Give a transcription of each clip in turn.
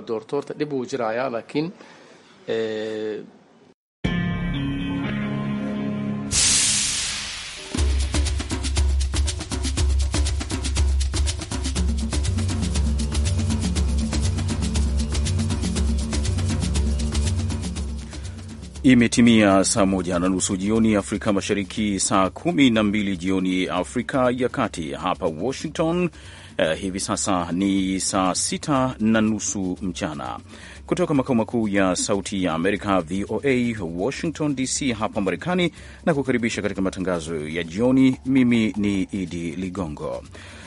doortoorta dhib uu jiraya laakiin eh, Imetimia saa moja na nusu jioni Afrika Mashariki, saa kumi na mbili jioni Afrika ya Kati. Hapa Washington Uh, hivi sasa ni saa sita na nusu mchana kutoka makao makuu ya Sauti ya Amerika VOA Washington DC hapa Marekani, na kukaribisha katika matangazo ya jioni. Mimi ni Idi Ligongo.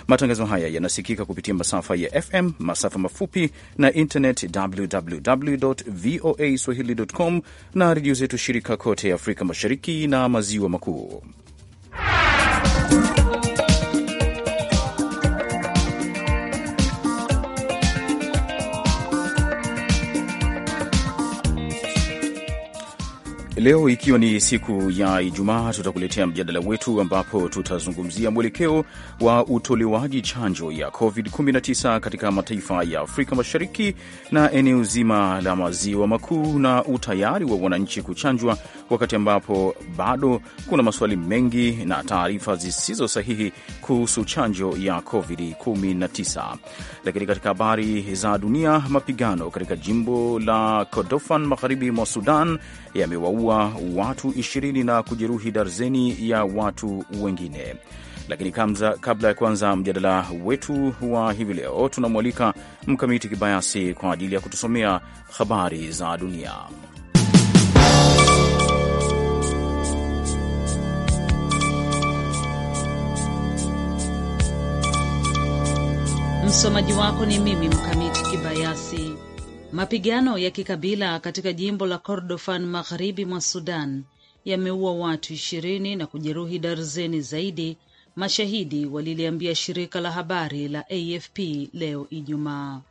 Matangazo haya yanasikika kupitia masafa ya FM, masafa mafupi na internet, www voa swahili.com, na redio zetu shirika kote Afrika Mashariki na Maziwa Makuu. leo ikiwa ni siku ya Ijumaa, tutakuletea mjadala wetu ambapo tutazungumzia mwelekeo wa utolewaji chanjo ya COVID-19 katika mataifa ya Afrika Mashariki na eneo zima la Maziwa Makuu na utayari wa wananchi kuchanjwa, wakati ambapo bado kuna maswali mengi na taarifa zisizo sahihi kuhusu chanjo ya COVID-19. Lakini katika habari za dunia, mapigano katika jimbo la Kordofan magharibi mwa Sudan yamewaua watu ishirini na kujeruhi darzeni ya watu wengine. Lakini kamza, kabla ya kuanza mjadala wetu wa hivi leo, tunamwalika Mkamiti Kibayasi kwa ajili ya kutusomea habari za dunia. Msomaji wako ni mimi Mkamiti Kibayasi. Mapigano ya kikabila katika jimbo la Kordofan magharibi mwa Sudan yameua watu ishirini na kujeruhi darzeni zaidi, mashahidi waliliambia shirika la habari la AFP leo Ijumaa.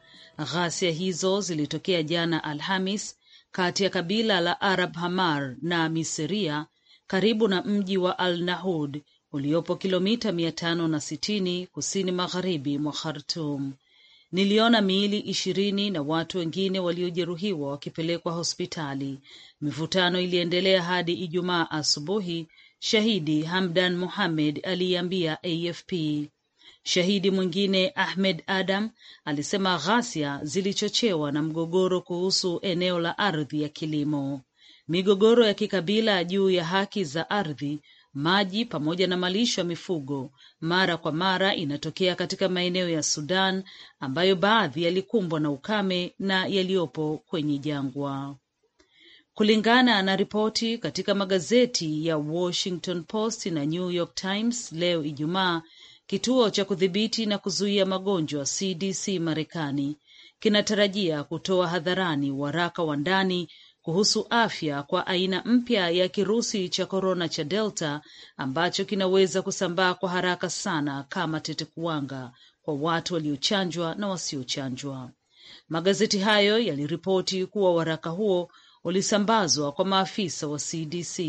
Ghasia hizo zilitokea jana Alhamis kati ya kabila la Arab Hamar na Miseria karibu na mji wa Al Nahud uliopo kilomita mia tano na sitini kusini magharibi mwa khartum Niliona miili ishirini na watu wengine waliojeruhiwa wakipelekwa hospitali. Mivutano iliendelea hadi Ijumaa asubuhi, shahidi Hamdan Mohamed aliiambia AFP. Shahidi mwingine Ahmed Adam alisema ghasia zilichochewa na mgogoro kuhusu eneo la ardhi ya kilimo. Migogoro ya kikabila juu ya haki za ardhi maji pamoja na malisho ya mifugo mara kwa mara inatokea katika maeneo ya Sudan ambayo baadhi yalikumbwa na ukame na yaliyopo kwenye jangwa. Kulingana na ripoti katika magazeti ya Washington Post na New York Times leo Ijumaa, kituo cha kudhibiti na kuzuia magonjwa CDC Marekani kinatarajia kutoa hadharani waraka wa ndani kuhusu afya kwa aina mpya ya kirusi cha korona cha Delta ambacho kinaweza kusambaa kwa haraka sana kama tetekuwanga kwa watu waliochanjwa na wasiochanjwa. Magazeti hayo yaliripoti kuwa waraka huo ulisambazwa kwa maafisa wa CDC.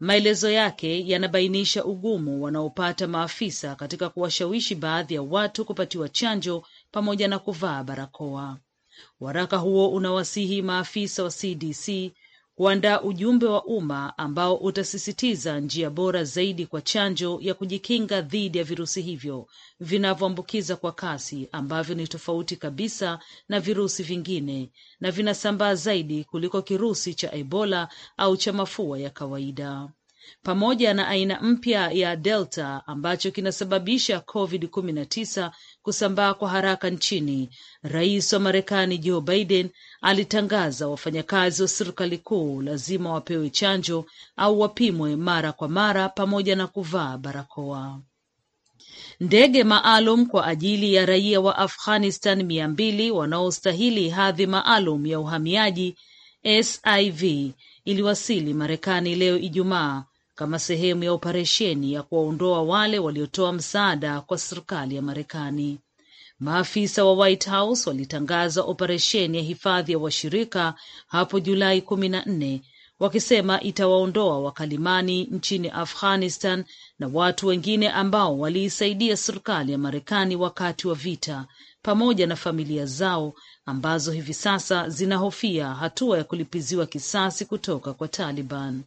Maelezo yake yanabainisha ugumu wanaopata maafisa katika kuwashawishi baadhi ya watu kupatiwa chanjo pamoja na kuvaa barakoa. Waraka huo unawasihi maafisa wa CDC kuandaa ujumbe wa umma ambao utasisitiza njia bora zaidi kwa chanjo ya kujikinga dhidi ya virusi hivyo vinavyoambukiza kwa kasi ambavyo ni tofauti kabisa na virusi vingine na vinasambaa zaidi kuliko kirusi cha Ebola au cha mafua ya kawaida pamoja na aina mpya ya Delta ambacho kinasababisha COVID-19 kusambaa kwa haraka nchini, rais wa Marekani Joe Biden alitangaza wafanyakazi wa serikali kuu lazima wapewe chanjo au wapimwe mara kwa mara pamoja na kuvaa barakoa. Ndege maalum kwa ajili ya raia wa Afghanistan mia mbili wanaostahili hadhi maalum ya uhamiaji SIV iliwasili Marekani leo Ijumaa kama sehemu ya operesheni ya kuwaondoa wale waliotoa msaada kwa serikali ya Marekani. Maafisa wa White House walitangaza operesheni ya hifadhi ya washirika hapo Julai kumi na nne wakisema itawaondoa wakalimani nchini Afghanistan na watu wengine ambao waliisaidia serikali ya Marekani wakati wa vita pamoja na familia zao ambazo hivi sasa zinahofia hatua ya kulipiziwa kisasi kutoka kwa Taliban.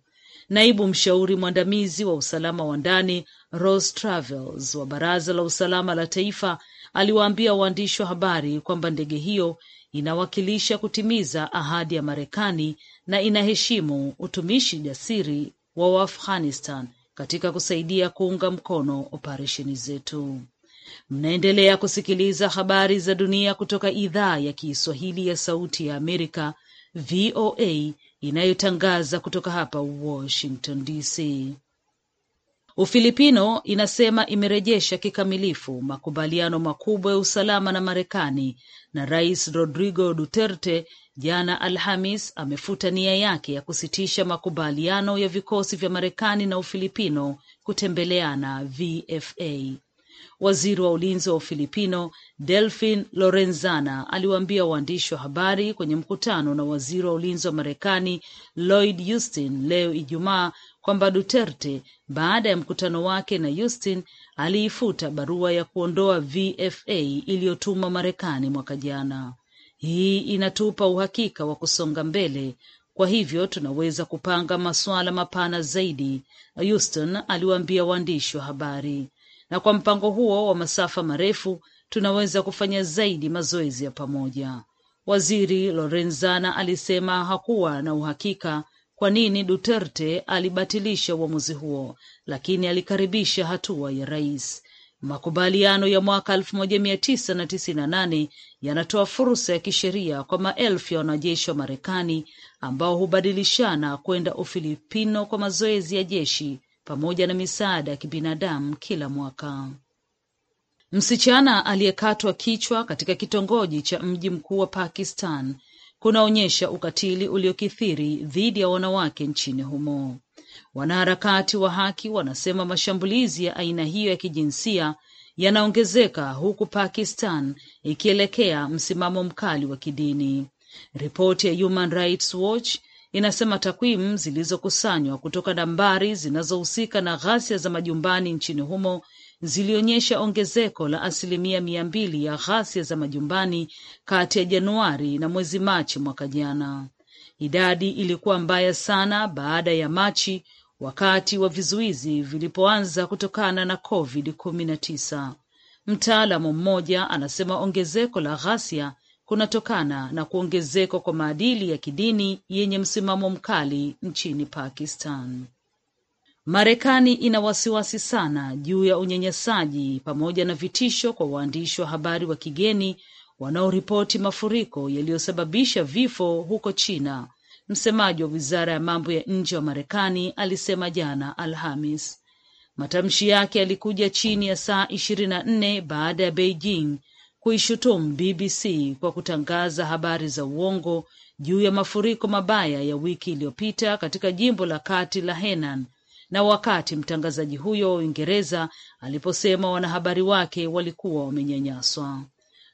Naibu mshauri mwandamizi wa usalama wa ndani Rose Travels wa Baraza la Usalama la Taifa aliwaambia waandishi wa habari kwamba ndege hiyo inawakilisha kutimiza ahadi ya Marekani na inaheshimu utumishi jasiri wa Waafghanistan katika kusaidia kuunga mkono operesheni zetu. Mnaendelea kusikiliza habari za dunia kutoka idhaa ya Kiswahili ya Sauti ya Amerika, VOA, inayotangaza kutoka hapa Washington DC. Ufilipino inasema imerejesha kikamilifu makubaliano makubwa ya usalama na Marekani na Rais Rodrigo Duterte jana Alhamis amefuta nia yake ya kusitisha makubaliano ya vikosi vya Marekani na Ufilipino kutembeleana VFA. Waziri wa ulinzi wa Ufilipino delphin Lorenzana aliwaambia waandishi wa habari kwenye mkutano na waziri wa ulinzi wa Marekani Lloyd Austin leo Ijumaa kwamba Duterte baada ya mkutano wake na Austin aliifuta barua ya kuondoa VFA iliyotumwa Marekani mwaka jana. Hii inatupa uhakika wa kusonga mbele, kwa hivyo tunaweza kupanga masuala mapana zaidi, Houston aliwaambia waandishi wa habari na kwa mpango huo wa masafa marefu tunaweza kufanya zaidi mazoezi ya pamoja. Waziri Lorenzana alisema hakuwa na uhakika kwa nini Duterte alibatilisha uamuzi huo, lakini alikaribisha hatua ya rais. Makubaliano ya mwaka 1998 yanatoa fursa ya kisheria kwa maelfu ya wanajeshi wa Marekani ambao hubadilishana kwenda Ufilipino kwa mazoezi ya jeshi pamoja na misaada ya kibinadamu kila mwaka. Msichana aliyekatwa kichwa katika kitongoji cha mji mkuu wa Pakistan kunaonyesha ukatili uliokithiri dhidi ya wanawake nchini humo. Wanaharakati wa haki wanasema mashambulizi ya aina hiyo ya kijinsia yanaongezeka huku Pakistan ikielekea msimamo mkali wa kidini. Ripoti ya Human Rights Watch inasema takwimu zilizokusanywa kutoka nambari zinazohusika na ghasia za majumbani nchini humo zilionyesha ongezeko la asilimia mia mbili ya ghasia za majumbani kati ya Januari na mwezi Machi mwaka jana. Idadi ilikuwa mbaya sana baada ya Machi, wakati wa vizuizi vilipoanza kutokana na COVID-19. Mtaalamu mmoja anasema ongezeko la ghasia kunatokana na kuongezekwa kwa maadili ya kidini yenye msimamo mkali nchini Pakistan. Marekani ina wasiwasi sana juu ya unyanyasaji pamoja na vitisho kwa waandishi wa habari wa kigeni wanaoripoti mafuriko yaliyosababisha vifo huko China, msemaji wa wizara ya mambo ya nje wa Marekani alisema jana Alhamis. Matamshi yake yalikuja chini ya saa ishirini na nne baada ya Beijing kuishutumu BBC kwa kutangaza habari za uongo juu ya mafuriko mabaya ya wiki iliyopita katika jimbo la kati la Henan na wakati mtangazaji huyo wa Uingereza aliposema wanahabari wake walikuwa wamenyanyaswa.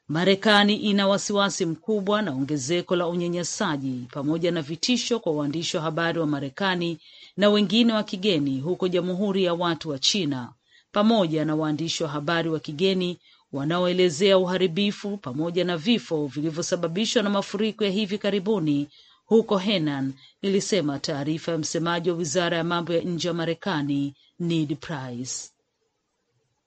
Marekani ina wasiwasi mkubwa na ongezeko la unyanyasaji pamoja na vitisho kwa waandishi wa habari wa Marekani na wengine wa kigeni huko Jamhuri ya Watu wa China pamoja na waandishi wa habari wa kigeni wanaoelezea uharibifu pamoja na vifo vilivyosababishwa na mafuriko ya hivi karibuni huko Henan, ilisema taarifa ya msemaji wa wizara ya mambo ya nje ya Marekani Ned Price.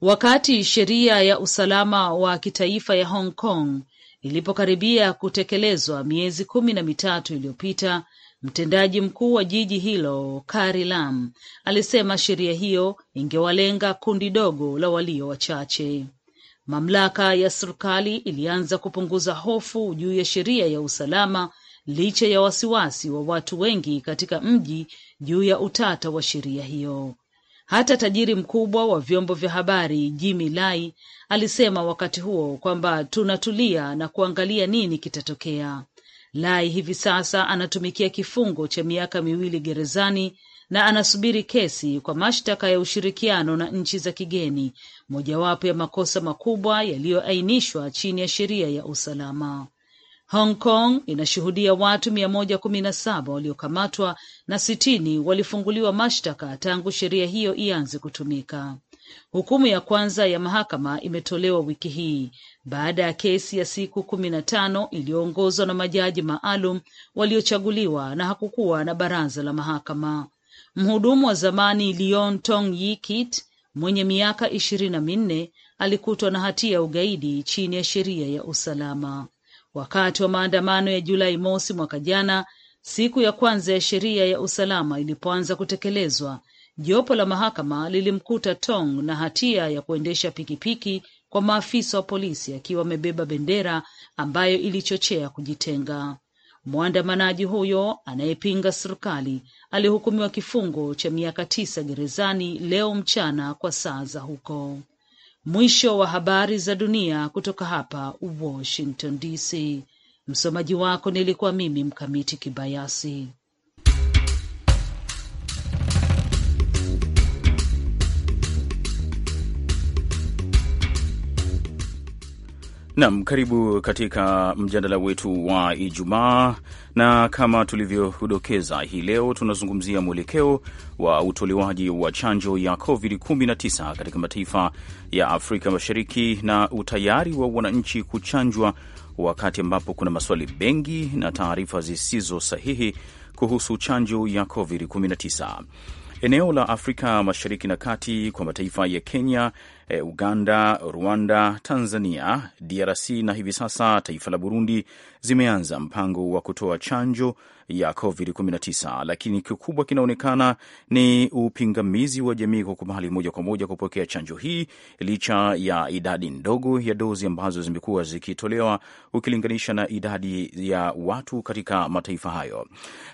Wakati sheria ya usalama wa kitaifa ya Hong Kong ilipokaribia kutekelezwa miezi kumi na mitatu iliyopita, mtendaji mkuu wa jiji hilo Carrie Lam alisema sheria hiyo ingewalenga kundi dogo la walio wachache. Mamlaka ya serikali ilianza kupunguza hofu juu ya sheria ya usalama licha ya wasiwasi wa watu wengi katika mji juu ya utata wa sheria hiyo. Hata tajiri mkubwa wa vyombo vya habari Jimmy Lai alisema wakati huo kwamba tunatulia na kuangalia nini kitatokea. Lai hivi sasa anatumikia kifungo cha miaka miwili gerezani na anasubiri kesi kwa mashtaka ya ushirikiano na nchi za kigeni, mojawapo ya makosa makubwa yaliyoainishwa chini ya sheria ya usalama. Hong Kong inashuhudia watu mia moja kumi na saba waliokamatwa na sitini walifunguliwa mashtaka tangu sheria hiyo ianze kutumika. Hukumu ya kwanza ya mahakama imetolewa wiki hii baada ya kesi ya siku kumi na tano iliyoongozwa na majaji maalum waliochaguliwa na hakukuwa na baraza la mahakama. Mhudumu wa zamani Leon Tong Yikit mwenye miaka ishirini na minne alikutwa na hatia ya ugaidi chini ya sheria ya usalama wakati wa maandamano ya Julai mosi mwaka jana. Siku ya kwanza ya sheria ya usalama ilipoanza kutekelezwa, jopo la mahakama lilimkuta Tong na hatia ya kuendesha pikipiki kwa maafisa wa polisi akiwa amebeba bendera ambayo ilichochea kujitenga. Mwandamanaji huyo anayepinga serikali alihukumiwa kifungo cha miaka tisa gerezani leo mchana kwa saa za huko. Mwisho wa habari za dunia kutoka hapa Washington DC. Msomaji wako nilikuwa mimi Mkamiti Kibayasi. Nam, karibu katika mjadala wetu wa Ijumaa, na kama tulivyodokeza, hii leo tunazungumzia mwelekeo wa utolewaji wa chanjo ya COVID-19 katika mataifa ya Afrika Mashariki na utayari wa wananchi kuchanjwa, wakati ambapo kuna maswali mengi na taarifa zisizo sahihi kuhusu chanjo ya COVID-19. Eneo la Afrika Mashariki na Kati kwa mataifa ya Kenya, e, Uganda, Rwanda, Tanzania, DRC na hivi sasa taifa la Burundi zimeanza mpango wa kutoa chanjo ya COVID-19, lakini kikubwa kinaonekana ni upingamizi wa jamii kwa moja kwa moja kupokea chanjo hii licha ya idadi ndogo ya dozi ambazo zimekuwa zikitolewa ukilinganisha na idadi ya watu katika mataifa hayo.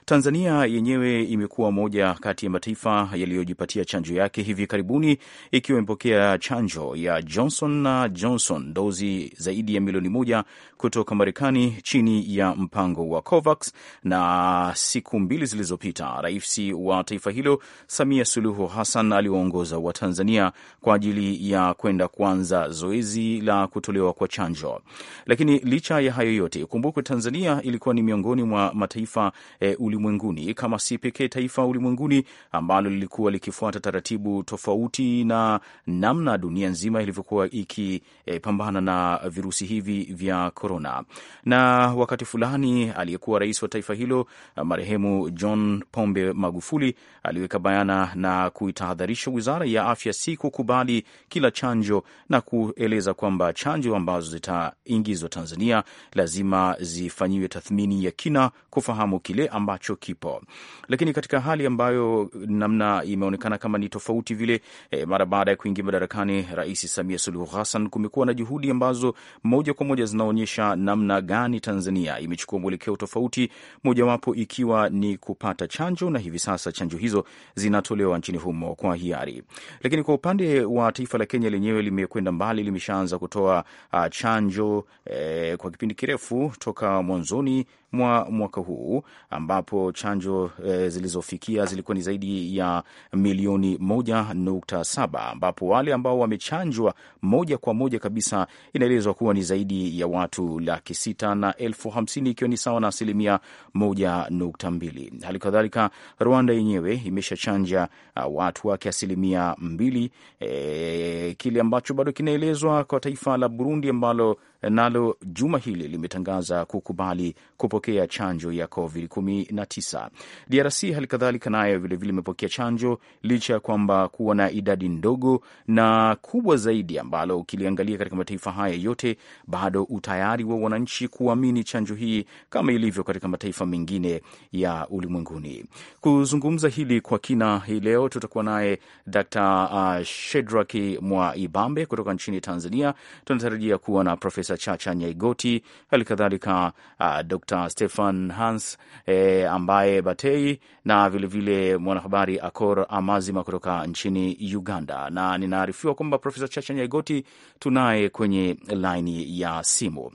Tanzania yenyewe imekuwa moja kati ya mataifa yaliyojipatia chanjo yake hivi karibuni, ikiwa imepokea chanjo chanjo ya Johnson na Johnson dozi zaidi ya milioni moja kutoka Marekani chini ya mpango wa COVAX. Na siku mbili zilizopita, rais wa taifa hilo Samia Suluhu Hassan aliwaongoza Watanzania kwa ajili ya kwenda kuanza zoezi la kutolewa kwa chanjo. Lakini licha ya hayo yote, kumbukwe Tanzania ilikuwa ni miongoni mwa mataifa e, ulimwenguni kama si pekee taifa ulimwenguni ambalo lilikuwa likifuata taratibu tofauti na namna dunia nzima ilivyokuwa ikipambana e, na virusi hivi vya korona. Na wakati fulani aliyekuwa rais wa taifa hilo marehemu John Pombe Magufuli aliweka bayana na kuitahadharisha wizara ya afya si kukubali kila chanjo na kueleza kwamba chanjo ambazo zitaingizwa Tanzania lazima zifanyiwe tathmini ya kina kufahamu kile ambacho kipo, lakini katika hali ambayo namna imeonekana kama ni tofauti vile, e, mara baada ya kuingia madarakani Rais Samia Suluhu Hassan, kumekuwa na juhudi ambazo moja kwa moja zinaonyesha namna gani Tanzania imechukua mwelekeo tofauti, mojawapo ikiwa ni kupata chanjo, na hivi sasa chanjo hizo zinatolewa nchini humo kwa hiari. Lakini kwa upande wa taifa la Kenya lenyewe limekwenda mbali, limeshaanza kutoa uh, chanjo eh, kwa kipindi kirefu toka mwanzoni mwa mwaka huu ambapo chanjo e, zilizofikia zilikuwa ni zaidi ya milioni moja nukta saba ambapo wale ambao wamechanjwa moja kwa moja kabisa inaelezwa kuwa ni zaidi ya watu laki sita na elfu hamsini ikiwa ni sawa na asilimia moja nukta mbili. Hali kadhalika Rwanda yenyewe imeshachanja chanja ah, watu wake asilimia mbili, e, kile ambacho bado kinaelezwa kwa taifa la Burundi ambalo nalo juma hili limetangaza kukubali kupokea chanjo ya COVID-19. DRC hali kadhalika nayo vilevile imepokea chanjo licha ya kwamba kuwa na idadi ndogo na kubwa zaidi, ambalo ukiliangalia katika mataifa haya yote, bado utayari wa wananchi kuamini chanjo hii kama ilivyo katika mataifa mengine ya ulimwenguni. Kuzungumza hili kwa kina hii leo tutakuwa naye Dr. Shedraki Mwaibambe kutoka nchini Tanzania. Tunatarajia kuwa na Profesa Profesa Chacha Nyaigoti, hali kadhalika uh, Dr Stefan Hans e, ambaye Batei na vilevile mwanahabari Akor Amazima kutoka nchini Uganda. Na ninaarifiwa kwamba Profesa Chacha Nyaigoti tunaye kwenye laini ya simu.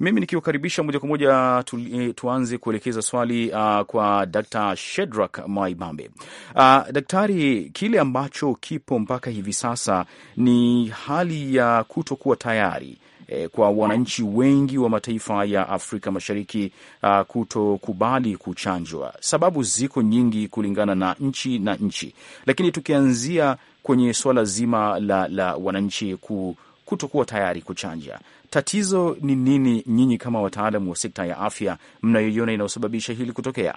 Mimi nikiwakaribisha moja kwa moja tu, eh, tuanze kuelekeza swali uh, kwa Dr Shedrak Mwaibambe. Uh, daktari, kile ambacho kipo mpaka hivi sasa ni hali ya kutokuwa tayari eh, kwa wananchi wengi wa mataifa ya Afrika Mashariki uh, kutokubali kuchanjwa. Sababu ziko nyingi kulingana na nchi na nchi, lakini tukianzia kwenye swala zima la, la wananchi ku kutokuwa tayari kuchanja, tatizo ni nini? Nyinyi kama wataalamu wa sekta ya afya mnayoiona inayosababisha hili kutokea?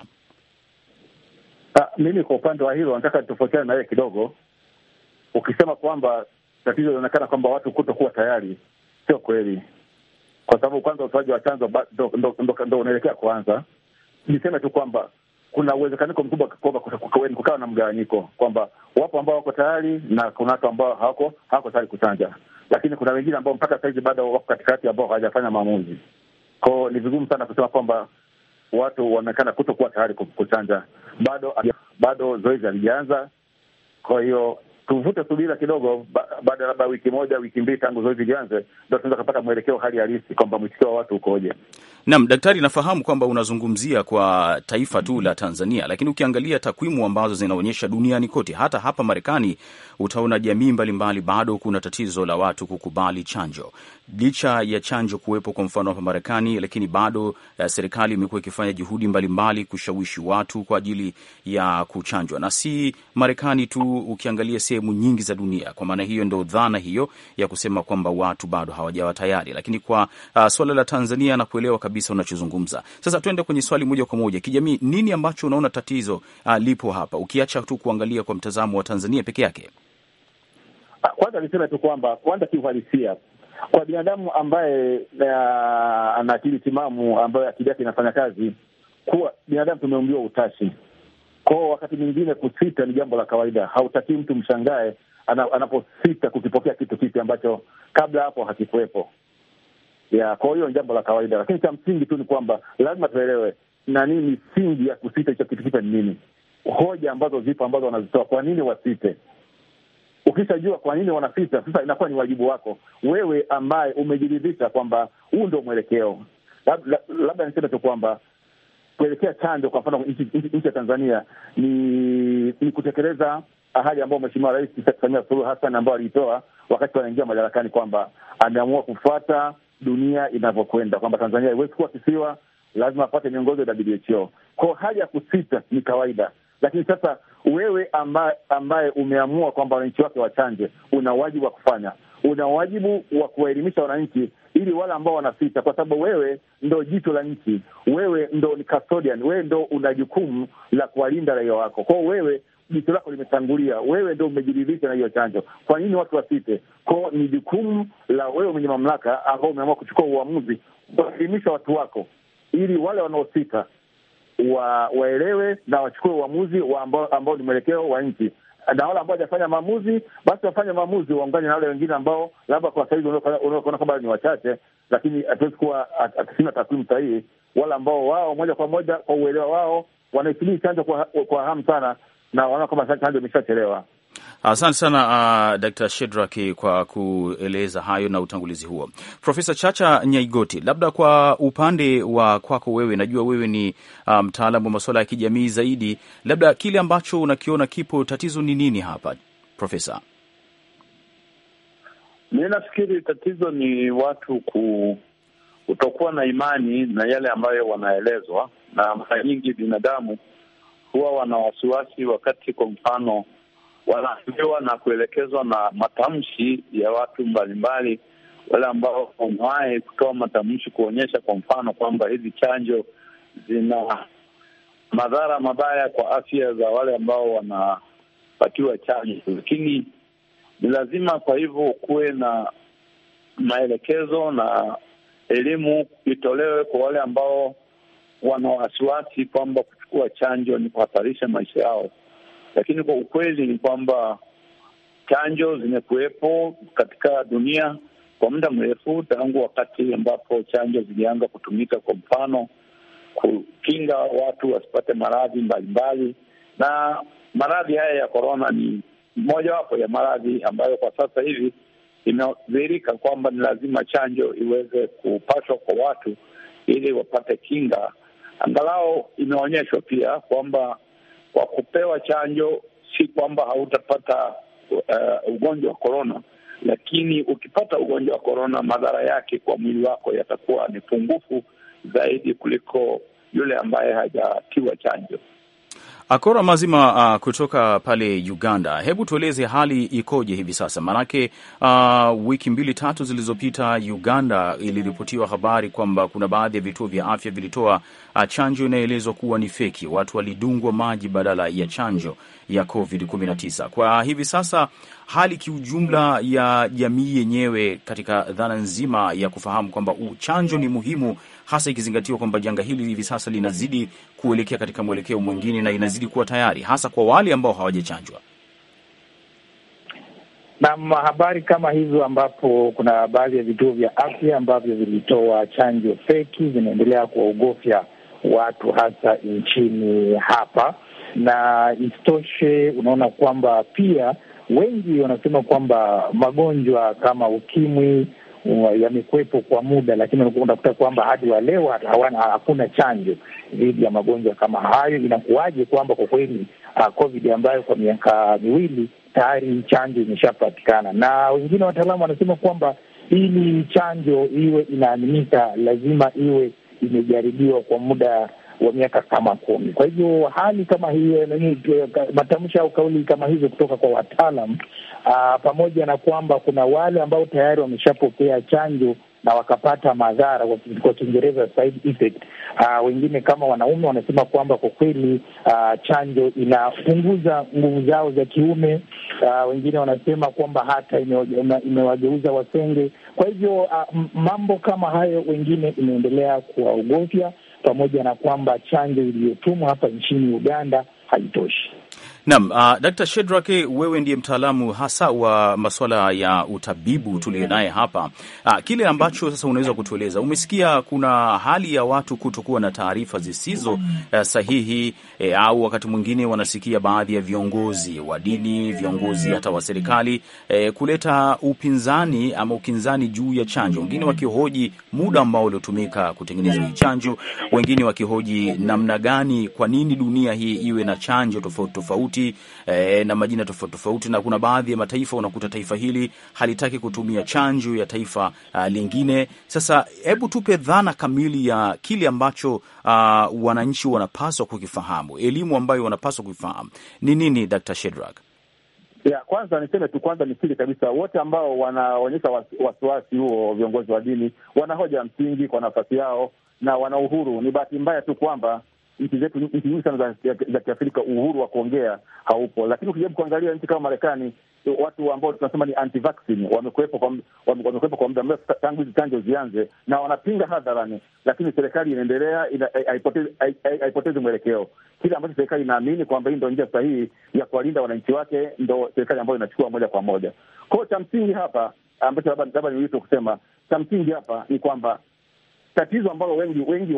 Ha, ah, mimi kwa upande wa hilo nataka nitofautiane na yeye kidogo. Ukisema kwamba tatizo linaonekana kwamba watu kutokuwa tayari sio kweli, kwa sababu kwanza utoaji wa chanzo ndo unaelekea kuanza. Niseme tu kwamba kuna uwezekaniko mkubwa kukawa na mgawanyiko, kwamba wapo ambao wako tayari na kuna watu ambao hawako hawako tayari kuchanja, lakini kuna wengine ambao mpaka sahizi bado wako katikati, ambao hawajafanya maamuzi kwao. Ni vigumu sana kusema kwamba watu wanaonekana kutokuwa tayari kuchanja, bado bado zoezi halijaanza, kwa hiyo tuvute subira kidogo, baada ya labda wiki moja wiki mbili tangu zoezi lianze, ndo tunaweza kupata mwelekeo hali halisi kwamba mwitikio wa watu ukoje. Naam, daktari, nafahamu kwamba unazungumzia kwa taifa tu la Tanzania, lakini ukiangalia takwimu ambazo zinaonyesha duniani kote, hata hapa Marekani, utaona jamii mbalimbali bado kuna tatizo la watu kukubali chanjo licha ya chanjo kuwepo kwa mfano hapa Marekani, lakini bado uh, serikali imekuwa ikifanya juhudi mbalimbali mbali kushawishi watu kwa ajili ya kuchanjwa, na si Marekani tu, ukiangalia sehemu nyingi za dunia. Kwa maana hiyo, ndo dhana hiyo ya kusema kwamba watu bado hawajawa tayari, lakini kwa uh, swala la Tanzania na kuelewa kabisa unachozungumza. Sasa tuende kwenye swali moja kwa moja kijamii, nini ambacho unaona tatizo uh, lipo hapa, ukiacha tu kuangalia kwa mtazamo wa Tanzania peke yake? Ah, kwanza niseme tu kwamba kwanza kiuhalisia kwa binadamu ambaye eh, ana akili timamu, ambayo akili yake inafanya kazi, kuwa binadamu tumeumbiwa utashi kwao. Wakati mwingine kusita ni jambo la kawaida, hautakii mtu mshangae anaposita kukipokea kitu kipi ambacho kabla hapo hakikuwepo. Ya, kwa hiyo ni jambo la kawaida, lakini cha msingi tu ni kwamba lazima tuelewe na nini misingi ya kusita, hicho kitu kipya ni nini, hoja ambazo zipo ambazo wanazitoa, kwa nini wasite Ukishajua kwa nini wanasita sasa, inakuwa ni wajibu wako wewe ambaye umejiridhisha kwamba huu ndio mwelekeo. Labda niseme tu kwamba kuelekea chanjo, kwa mfano nchi ya Tanzania ni, ni kutekeleza ahadi ambayo Mheshimiwa Rais Samia Suluhu Hassan ambayo aliitoa wakati wanaingia madarakani kwamba ameamua kufuata dunia inavyokwenda, kwamba Tanzania haiwezi kuwa kisiwa, lazima apate miongozo ya WHO. Kwao hali ya kusita ni kawaida, lakini sasa wewe ambaye, ambaye umeamua kwamba wananchi wake wachanje, una wajibu wa kufanya, una wajibu wa kuwaelimisha wananchi ili wale ambao wanasita, kwa sababu wewe ndo jicho la nchi, wewe ndo ni custodian, wewe ndo una jukumu la kuwalinda raia wako. Kwao wewe jicho lako limetangulia, wewe ndo umejiridhisha na hiyo chanjo. Kwa nini watu wasite? Kwao ni jukumu la wewe mwenye mamlaka ambao umeamua kuchukua uamuzi kuwaelimisha watu wako ili wale wanaosita wa, waelewe na wachukue uamuzi wa ambao, ambao ni mwelekeo wa nchi na wale ambao wajafanya maamuzi basi wafanye maamuzi, waungane na wale wengine ambao labda kwa sahizi unaona kwamba ni wachache, lakini hatuwezi kuwa hatusina takwimu sahihi, wale ambao wao moja kwa moja kwa uelewa wao wanaisubiri chanjo kwa, kwa hamu sana na wanaona kwamba chanjo imeshachelewa. Asante sana uh, Dkt. Shedraki kwa kueleza hayo na utangulizi huo. Profesa Chacha Nyaigoti, labda kwa upande wa kwako wewe, najua wewe ni uh, mtaalamu um, wa masuala ya kijamii zaidi, labda kile ambacho unakiona kipo tatizo ni nini hapa profesa? Mi nafikiri tatizo ni watu kutokuwa na imani na yale ambayo wanaelezwa, na mara nyingi binadamu huwa wana wasiwasi wakati kwa mfano wanaambiwa na kuelekezwa na matamshi ya watu mbalimbali, wale ambao wamewahi kutoa matamshi kuonyesha kwa mfano kwamba hizi chanjo zina madhara mabaya kwa afya za wale ambao wanapatiwa chanjo. Lakini ni lazima kwa hivyo kuwe na maelekezo na elimu itolewe kwa wale ambao wana wasiwasi kwamba kuchukua chanjo ni kuhatarisha maisha yao lakini kwa ukweli ni kwamba chanjo zimekuwepo katika dunia kwa muda mrefu, tangu wakati ambapo chanjo zilianza kutumika, kwa mfano kukinga watu wasipate maradhi mbalimbali, na maradhi haya ya korona ni mojawapo ya maradhi ambayo kwa sasa hivi imedhihirika kwamba ni lazima chanjo iweze kupashwa kwa watu ili wapate kinga. Angalau imeonyeshwa pia kwamba kwa kupewa chanjo, si kwamba hautapata uh, ugonjwa wa korona, lakini ukipata ugonjwa wa korona, madhara yake kwa mwili wako yatakuwa ni pungufu zaidi kuliko yule ambaye hajatiwa chanjo. Akora mazima uh, kutoka pale Uganda, hebu tueleze hali ikoje hivi sasa? Maanake uh, wiki mbili tatu zilizopita Uganda iliripotiwa habari kwamba kuna baadhi ya vituo vya afya vilitoa uh, chanjo inayoelezwa kuwa ni feki. Watu walidungwa maji badala ya chanjo ya COVID-19. Kwa hivi sasa hali kiujumla ya jamii yenyewe katika dhana nzima ya kufahamu kwamba chanjo ni muhimu hasa ikizingatiwa kwamba janga hili hivi sasa linazidi kuelekea katika mwelekeo mwingine na inazidi kuwa tayari hasa kwa wale ambao hawajachanjwa. Naam, habari kama hizo ambapo kuna baadhi ya vituo vya afya ambavyo vilitoa chanjo feki zinaendelea kuwaogofya watu hasa nchini hapa, na isitoshe, unaona kwamba pia wengi wanasema kwamba magonjwa kama ukimwi yamekuwepo kwa muda, lakini unakuta kwamba hadi wa leo hawana, hakuna chanjo dhidi ya magonjwa kama hayo. Inakuwaje kwamba kwa kweli uh, COVID ambayo kwa miaka miwili tayari chanjo imeshapatikana, na wengine wataalamu wanasema kwamba ili chanjo iwe inaaminika lazima iwe imejaribiwa kwa muda wa miaka kama kumi. Kwa hivyo hali kama hiyo, matamshi au kauli kama hizo kutoka kwa wataalam, ah, pamoja na kwamba kuna wale ambao tayari wameshapokea chanjo na wakapata madhara kwa Kiingereza side effect. Ah, wengine kama wanaume wanasema kwamba kwa kweli ah, chanjo inapunguza nguvu zao za kiume. wengine wanasema kwamba hata imewageuza wasenge. Kwa hivyo mambo kama hayo, wengine imeendelea kuwaogofya pamoja na kwamba chanjo iliyotumwa hapa nchini Uganda haitoshi. Naam, uh, Dkt. Shedrake, wewe ndiye mtaalamu hasa wa masuala ya utabibu tuliyo naye hapa. Uh, kile ambacho sasa unaweza kutueleza, umesikia kuna hali ya watu kutokuwa na taarifa zisizo uh, sahihi eh, au wakati mwingine wanasikia baadhi ya viongozi wa dini, viongozi hata wa serikali eh, kuleta upinzani ama ukinzani juu ya chanjo, wengine wakihoji muda ambao uliotumika kutengeneza hii chanjo, wengine wakihoji namna gani, kwa nini dunia hii iwe na chanjo tofauti tofauti tofauti eh, na majina tofauti tofauti, na kuna baadhi ya mataifa unakuta taifa hili halitaki kutumia chanjo ya taifa uh, lingine. Sasa hebu tupe dhana kamili ya kile ambacho uh, wananchi wanapaswa kukifahamu, elimu ambayo wanapaswa kuifahamu ni nini, Dr. Shedrack? Ya, kwanza niseme tu, kwanza nikiri kabisa, wote ambao wanaonyesha wasiwasi huo, viongozi wa dini wanahoja msingi kwa nafasi yao na wana uhuru. Ni bahati mbaya tu kwamba nchi zetu nchi nyingi sana za Kiafrika uhuru wa kuongea haupo, lakini ukijaribu kuangalia nchi kama Marekani, watu ambao tunasema ni anti-vaccine wamekuwepo kwa wamekuwepo kwa muda mrefu tangu hizi chanjo zianze, na wanapinga hadharani, lakini serikali inaendelea haipotezi mwelekeo. Kile ambacho serikali inaamini kwamba hii ndo njia sahihi ya kuwalinda wananchi wake, ndo serikali ambayo inachukua moja kwa moja kwao. Cha msingi hapa ambacho labda ni kusema, cha msingi hapa ni kwamba tatizo ambalo wengi wengi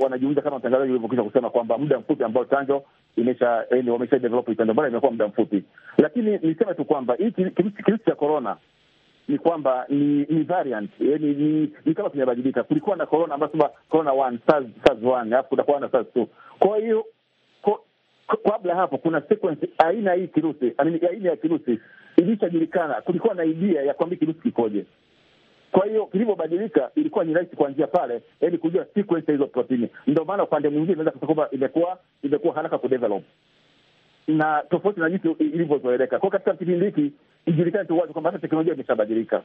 wanajiuliza kama mtangazaji ulivyokisha kusema kwamba muda mfupi ambao chanjo imesha wamesha develop chanjo, mbona imekuwa muda mfupi? Lakini niseme tu kwamba hii kirusi cha korona ni kwamba ni ni variant yani, ni, ni kama kimebadilika. Kulikuwa na corona ambayo sema corona one SARS SARS one alafu kutakuwa na SARS two. Kwa hiyo kabla ya hapo kuna sequence aina hii kirusi aina ya kirusi ilishajulikana, kulikuwa na idea ya kwamba kirusi kikoje kwa hiyo kilivyobadilika, ilikuwa ni rahisi kuanzia pale, yaani kujua sequence hizo protini. Ndio maana upande mwingine naweza kusema kwamba imekuwa imekuwa haraka kudevelop na tofauti na jinsi ilivyozoeleka. Kwa katika kipindi hiki ijulikane tu wazi kwamba hata teknolojia imeshabadilika,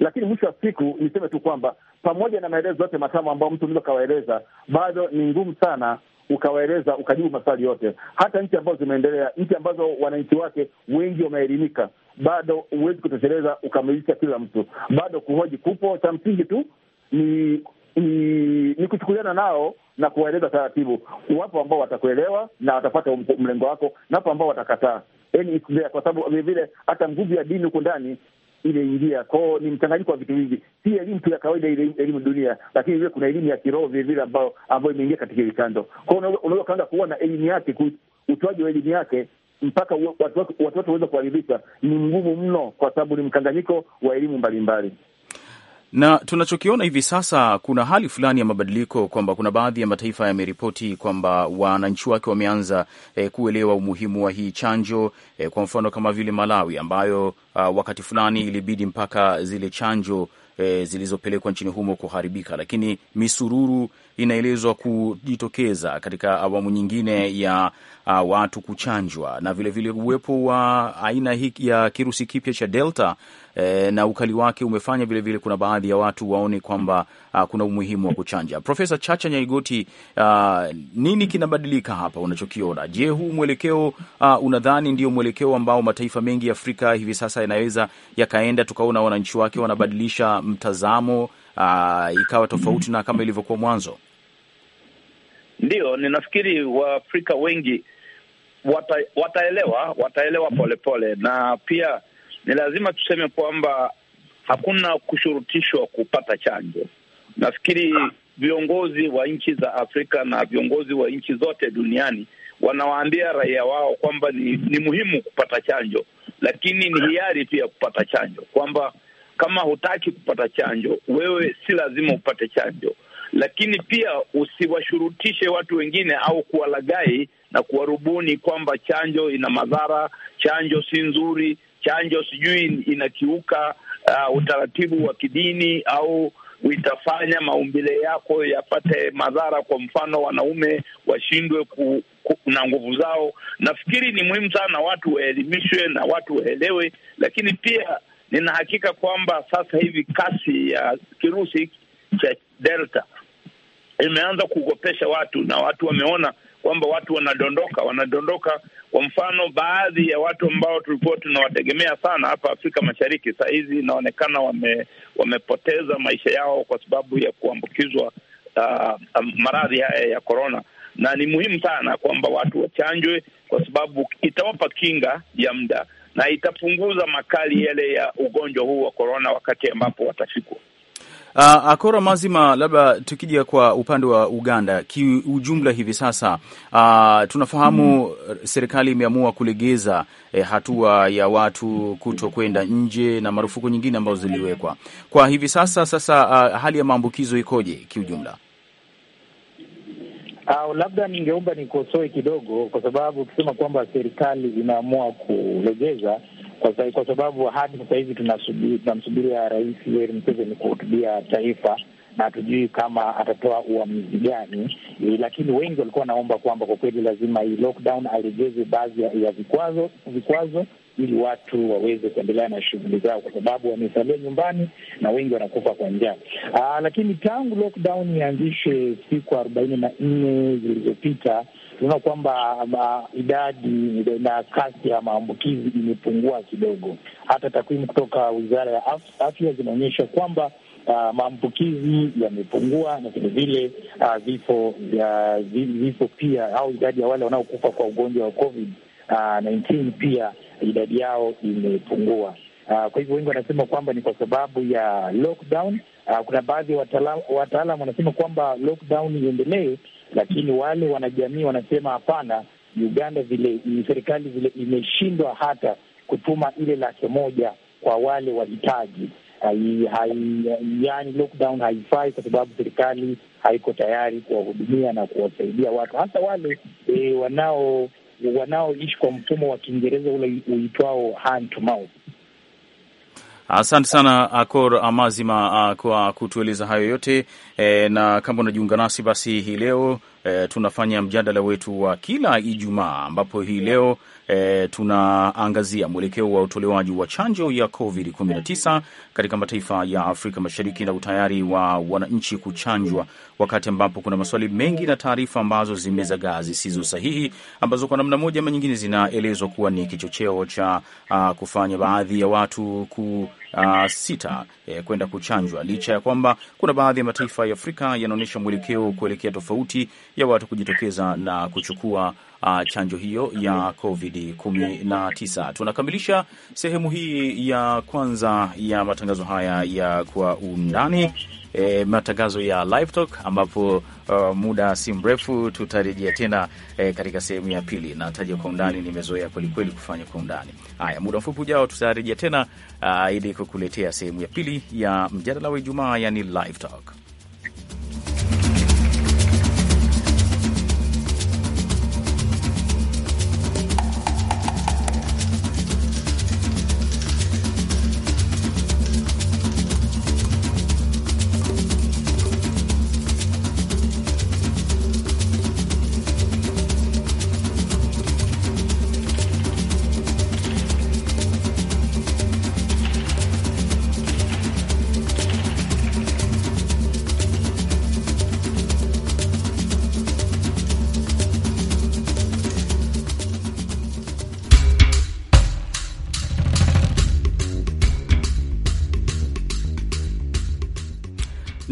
lakini mwisho wa siku niseme tu kwamba pamoja na maelezo yote matamu ambayo mtu unaweza ukawaeleza, bado ni ngumu sana ukawaeleza ukajibu maswali yote. Hata nchi ambazo zimeendelea, nchi ambazo wananchi wake wengi wameelimika, bado huwezi kutosheleza ukamilisha kila mtu, bado kuhoji kupo. Cha msingi tu ni ni, ni kuchukuliana nao na kuwaeleza taratibu. Wapo ambao watakuelewa na watapata mlengo wako, na wapo ambao watakataa, yani kwa sababu vilevile hata nguvu ya dini huko ndani imeingia kwao. Ni mchanganyiko wa vitu vingi, si elimu tu ya kawaida ile elimu dunia, lakini vile kuna elimu ya kiroho vilevile ambayo ambayo imeingia katika hili kando kwao. Unaweza ukaanza kuona elimu yake, utoaji wa elimu yake mpaka watu wote waweze kuaridhika ni mgumu mno, kwa sababu ni mkanganyiko wa elimu mbalimbali na tunachokiona hivi sasa, kuna hali fulani ya mabadiliko kwamba kuna baadhi ya mataifa yameripoti kwamba wananchi wake wameanza eh, kuelewa umuhimu wa hii chanjo eh, kwa mfano kama vile Malawi ambayo uh, wakati fulani ilibidi mpaka zile chanjo eh, zilizopelekwa nchini humo kuharibika, lakini misururu inaelezwa kujitokeza katika awamu nyingine ya uh, watu kuchanjwa na vilevile uwepo wa aina hii ya kirusi kipya cha Delta eh, na ukali wake umefanya vilevile kuna baadhi ya watu waone kwamba uh, kuna umuhimu wa kuchanja. Profesa Chacha Nyaigoti, uh, nini kinabadilika hapa unachokiona? Je, huu mwelekeo uh, unadhani ndio mwelekeo ambao mataifa mengi ya Afrika hivi sasa yanaweza yakaenda, tukaona wananchi wake wanabadilisha mtazamo uh, ikawa tofauti na kama ilivyokuwa mwanzo? Ndiyo, ninafikiri Waafrika wengi wata, wataelewa wataelewa polepole pole. Na pia ni lazima tuseme kwamba hakuna kushurutishwa kupata chanjo. Nafikiri viongozi wa nchi za Afrika na viongozi wa nchi zote duniani wanawaambia raia wao kwamba ni, ni muhimu kupata chanjo, lakini ni hiari pia kupata chanjo, kwamba kama hutaki kupata chanjo, wewe si lazima upate chanjo, lakini pia usiwashurutishe watu wengine au kuwalagai na kuwarubuni kwamba chanjo ina madhara, chanjo si nzuri, chanjo sijui inakiuka uh, utaratibu wa kidini au itafanya maumbile yako yapate madhara. Kwa mfano, wanaume washindwe ku, ku, na nguvu zao. Nafikiri ni muhimu sana watu waelimishwe na watu waelewe, lakini pia nina hakika kwamba sasa hivi kasi ya kirusi cha Delta imeanza kuogopesha watu na watu wameona kwamba watu wanadondoka, wanadondoka. Kwa mfano, baadhi ya watu ambao tulikuwa tunawategemea sana hapa Afrika Mashariki, saa hizi inaonekana wame, wamepoteza maisha yao kwa sababu ya kuambukizwa uh, um, maradhi haya ya korona, na ni muhimu sana kwamba watu wachanjwe kwa sababu itawapa kinga ya muda na itapunguza makali yale ya ugonjwa huu wa korona wakati ambapo watafikwa. Uh, akora mazima, labda tukija kwa upande wa Uganda kiujumla hivi sasa uh, tunafahamu mm, serikali imeamua kulegeza eh, hatua ya watu kuto kwenda nje na marufuku nyingine ambazo ziliwekwa kwa hivi sasa. Sasa uh, hali ya maambukizo ikoje kiujumla? Au ah, labda ningeomba nikosoe kidogo, kwa sababu ukisema kwamba serikali inaamua kulegeza kwa sababu hadi sasa hivi tunamsubiria Rais Yoweri Museveni kuhutubia taifa na hatujui kama atatoa uamuzi gani, eh, lakini wengi walikuwa wanaomba kwamba kwa kweli lazima hii lockdown alegeze baadhi ya vikwazo vikwazo ili watu waweze kuendelea na shughuli zao, kwa sababu wamesalia nyumbani na wengi wanakufa kwa njaa. Ah, lakini tangu lockdown ianzishe siku arobaini na nne zilizopita tunaona kwamba ah, idadi na kasi ya maambukizi imepungua kidogo. Hata takwimu kutoka wizara ya afya zinaonyesha kwamba Uh, maambukizi yamepungua na vilevile uh, vifo ya, vifo pia au idadi ya wale wanaokufa kwa ugonjwa wa COVID uh, 19 pia idadi yao imepungua. Uh, kwa hivyo wengi wanasema kwamba ni kwa sababu ya lockdown. Uh, kuna baadhi ya wataalam wanasema kwamba lockdown iendelee, lakini wale wanajamii wanasema hapana, Uganda vile serikali vile imeshindwa hata kutuma ile laki moja kwa wale wahitaji. Yani lockdown haifai kwa sababu serikali haiko tayari kuwahudumia na kuwasaidia watu hasa wale e, wanao wanaoishi kwa mfumo wa Kiingereza ule uitwao hand to mouth. Asante sana Akor uh, Amazima, uh, kwa kutueleza hayo yote e, na kama unajiunga nasi basi hii leo e, tunafanya mjadala wetu wa kila Ijumaa ambapo hii leo e, tunaangazia mwelekeo wa utolewaji wa chanjo ya COVID-19 katika mataifa ya Afrika Mashariki na utayari wa wananchi kuchanjwa, wakati ambapo kuna maswali mengi na taarifa ambazo zimezagaa zisizo sahihi, ambazo kwa namna moja ama nyingine zinaelezwa kuwa ni kichocheo cha a, ah, kufanya baadhi ya watu ku uh, sita eh, kwenda kuchanjwa licha ya kwamba kuna baadhi ya mataifa ya Afrika yanaonyesha mwelekeo kuelekea tofauti ya watu kujitokeza na kuchukua uh, chanjo hiyo ya COVID 19. Tunakamilisha sehemu hii ya kwanza ya matangazo haya ya kwa undani E, matangazo ya live talk ambapo uh, muda si mrefu tutarejea tena e, katika sehemu ya pili. Nataja kwa undani, nimezoea kwelikweli kufanya kwa undani. Haya, muda mfupi ujao tutarejea tena uh, ili kukuletea sehemu ya pili ya mjadala wa Ijumaa, yani live talk.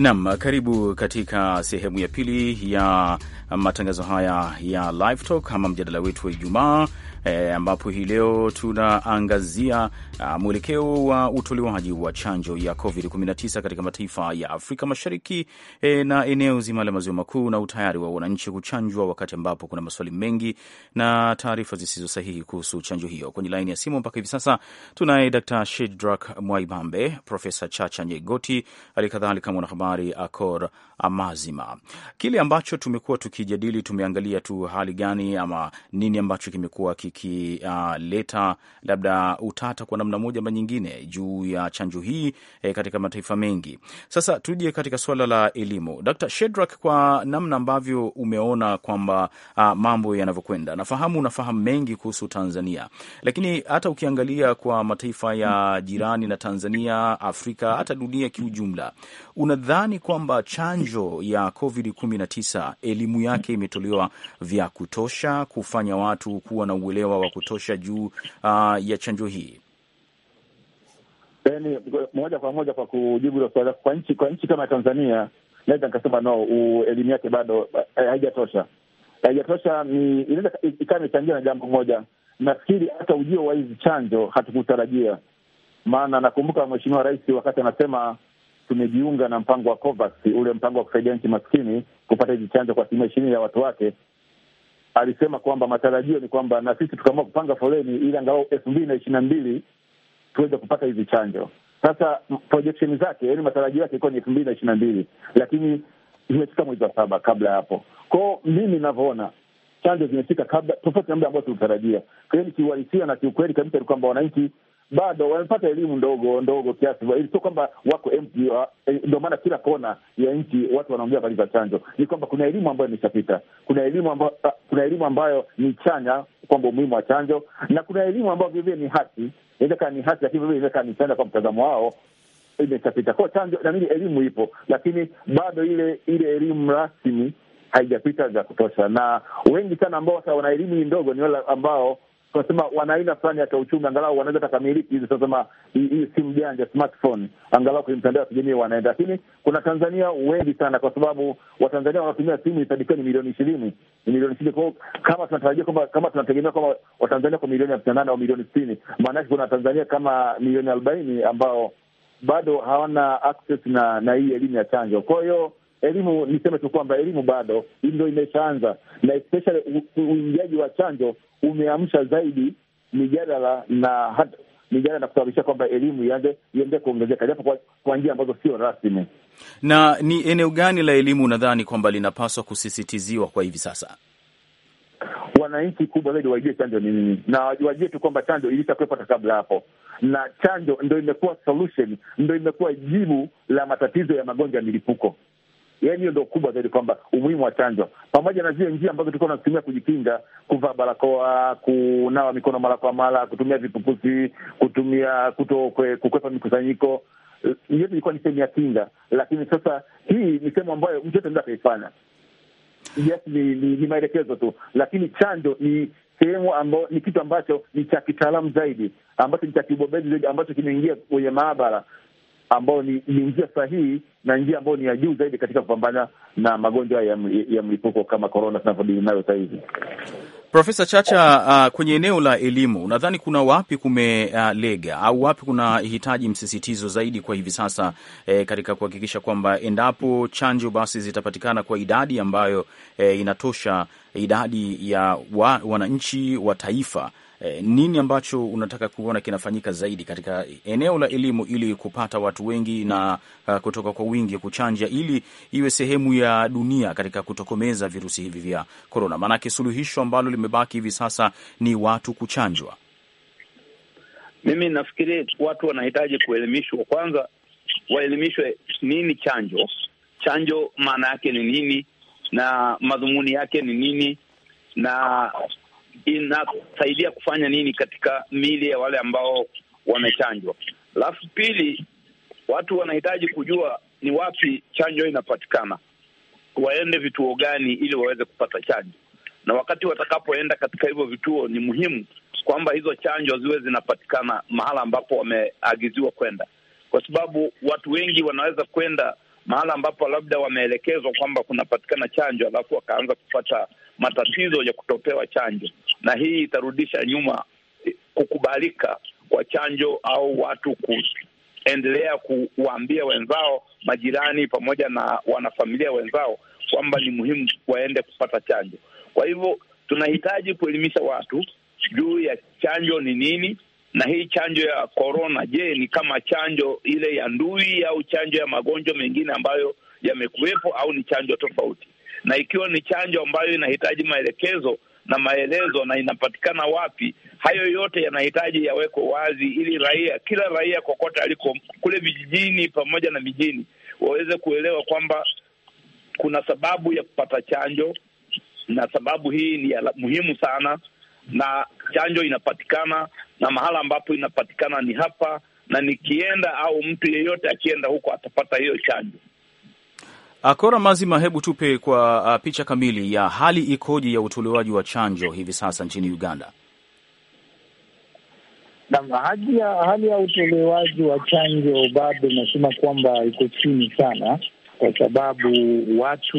nam karibu katika sehemu ya pili ya matangazo haya ya Live Talk ama mjadala wetu wa Ijumaa e, ambapo hii leo tunaangazia ah, mwelekeo wa utolewaji wa chanjo ya COVID-19 katika mataifa ya Afrika Mashariki e, na eneo zima la maziwa makuu na utayari wa wananchi kuchanjwa, wakati ambapo kuna maswali mengi na taarifa zisizo sahihi kuhusu chanjo hiyo. Kwenye laini ya simu mpaka hivi sasa tunaye Dr. Shidrak Mwaibambe, Profesa Chacha Nyegoti, halikadhalika mwanahabari Akor mazima. Kile ambacho tumekuwa tukijadili, tumeangalia tu hali gani ama nini ambacho kimekuwa kikileta uh, labda utata kwa namna moja ama nyingine juu ya chanjo hii eh, katika mataifa mengi. Sasa tuje katika suala la elimu, Dr. Shedrak, kwa namna ambavyo umeona kwamba uh, mambo yanavyokwenda, nafahamu unafahamu mengi kuhusu Tanzania, lakini hata ukiangalia kwa mataifa ya jirani na Tanzania, Afrika, hata dunia kiujumla, unadhani kwamba chanjo chanjo ya COVID-19 elimu yake imetolewa vya kutosha kufanya watu kuwa na uelewa wa kutosha juu uh, ya chanjo hii? Yaani, moja kwa moja kwa kujibu hilo swali, kwa nchi kwa nchi kama Tanzania naweza nikasema no, elimu yake bado eh, haijatosha. Haijatosha ni inaweza ikawa imechangia na jambo moja, nafikiri hata ujio wa hizi chanjo hatukutarajia, maana nakumbuka Mheshimiwa Rais wakati anasema tumejiunga na mpango wa COVAX, ule mpango wa kusaidia nchi maskini kupata hizi chanjo kwa asilimia ishirini ya watu wake. Alisema kwamba matarajio ni kwamba na sisi tukaamua kupanga foleni ili angalau elfu mbili na ishirini na mbili tuweze kupata hizi chanjo. Sasa projection zake, yaani matarajio yake ilikuwa ni elfu mbili na ishirini na mbili lakini imefika mwezi wa saba kabla ya hapo. Kwao mimi inavyoona chanjo zimefika kabla, tofauti na muda ambao tulitarajia. Kwa hiyo ni nikiuhalisia na kiukweli kabisa ni kwamba wananchi bado wamepata elimu ndogo ndogo kiasi, sio kwamba wako empty. Eh, ndio maana kila kona ya nchi watu wanaongea habari za chanjo, ni kwamba kuna elimu ambayo imeshapita, kuna elimu ambayo, ah, kuna elimu ambayo ni chanya kwamba umuhimu wa chanjo, na kuna elimu ambayo vilevile ni haki, inaweza ni haki, lakini vilevile inaweza ni chanya kwa mtazamo wao imeshapita kwa chanjo na nini, elimu ipo, lakini bado ile ile elimu rasmi haijapita za kutosha, na wengi sana ambao sasa wana elimu hii ndogo ni wale ambao tunasema wana aina fulani ya kiuchumi, angalau wanaweza takamiliki hizi tunasema hii simu janja smartphone, angalau kwenye mtandao wa kijamii wanaenda. Lakini kuna Tanzania wengi sana, kwa sababu Watanzania wanaotumia simu isadikiwa ni milioni ishirini ni milioni ishirini kwao. Kama tunatarajia kwamba kama tunategemea kwamba Watanzania kwa milioni hamsini na nane au milioni sitini maanake kuna Tanzania kama milioni arobaini ambao bado hawana access na na hii elimu ya chanjo. Kwa hiyo elimu, niseme tu kwamba elimu bado hii ndio imeshaanza, na especially uingiaji wa chanjo umeamsha zaidi mijadala na hata mijadala na kusababisha kwamba elimu ianze iende kuongezeka japo kwa, kwa njia ambazo sio rasmi. Na ni eneo gani la elimu unadhani kwamba linapaswa kusisitiziwa kwa hivi sasa? Wananchi kubwa zaidi waijue chanjo ni nini, na wajue tu kwamba chanjo ilishakuwepo hata kabla hapo, na chanjo ndo imekuwa solution, ndo imekuwa jibu la matatizo ya magonjwa ya milipuko. Yaani hiyo ndo kubwa zaidi, kwamba umuhimu wa chanjo pamoja na zile njia ambazo tulikuwa tunatumia kujikinga, kuvaa barakoa, kunawa mikono mara kwa mara, kutumia vipukuzi, kutumia kuto kukwepa mikusanyiko yote ilikuwa ni sehemu ya kinga, lakini sasa hii ni sehemu ambayo mtu yote anaweza akaifanya. Yes, ni, ni, ni maelekezo tu, lakini chanjo ni sehemu ambayo ni kitu ambacho ni cha kitaalamu zaidi, ambacho ni cha kiubobezi zaidi, ambacho kimeingia kwenye maabara ambayo ni, ni njia sahihi na njia ambayo ni ya juu zaidi katika kupambana na magonjwa ya, ya mlipuko kama korona tunavyodili nayo sasa hivi. Profesa Chacha, uh, kwenye eneo la elimu unadhani kuna wapi kumelega uh, au wapi kuna hitaji msisitizo zaidi kwa hivi sasa eh, katika kuhakikisha kwamba endapo chanjo basi zitapatikana kwa idadi ambayo eh, inatosha idadi ya wa, wananchi wa taifa Eh, nini ambacho unataka kuona kinafanyika zaidi katika eneo la elimu ili kupata watu wengi na uh, kutoka kwa wingi kuchanja ili iwe sehemu ya dunia katika kutokomeza virusi hivi vya korona? Maanake suluhisho ambalo limebaki hivi sasa ni watu kuchanjwa. Mimi nafikiri watu wanahitaji kuelimishwa kwanza, waelimishwe nini chanjo, chanjo maana yake ni nini na madhumuni yake ni nini, na inasaidia kufanya nini katika mili ya wale ambao wamechanjwa. Alafu pili, watu wanahitaji kujua ni wapi chanjo inapatikana, waende vituo gani ili waweze kupata chanjo, na wakati watakapoenda katika hivyo vituo, ni muhimu kwamba hizo chanjo ziwe zinapatikana mahala ambapo wameagiziwa kwenda, kwa sababu watu wengi wanaweza kwenda mahala ambapo labda wameelekezwa kwamba kunapatikana chanjo, alafu wakaanza kupata matatizo ya kutopewa chanjo, na hii itarudisha nyuma eh, kukubalika kwa chanjo au watu kuendelea kuwaambia wenzao, majirani, pamoja na wanafamilia wenzao kwamba ni muhimu waende kupata chanjo. Kwa hivyo tunahitaji kuelimisha watu juu ya chanjo ni nini, na hii chanjo ya korona, je, ni kama chanjo ile ya ndui au chanjo ya magonjwa mengine ambayo yamekuwepo au ni chanjo tofauti? Na ikiwa ni chanjo ambayo inahitaji maelekezo na maelezo na inapatikana wapi? Hayo yote yanahitaji yawekwe wazi, ili raia, kila raia kokote aliko kule vijijini pamoja na mijini, waweze kuelewa kwamba kuna sababu ya kupata chanjo na sababu hii ni ya muhimu sana na chanjo inapatikana, na mahala ambapo inapatikana ni hapa, na nikienda au mtu yeyote akienda huko atapata hiyo chanjo. Akora ah, mazima, hebu tupe kwa uh, picha kamili ya hali ikoje ya utolewaji wa chanjo hivi sasa nchini Uganda. Hali ya, hali ya utolewaji wa chanjo bado inasema kwamba iko chini sana, kwa sababu watu,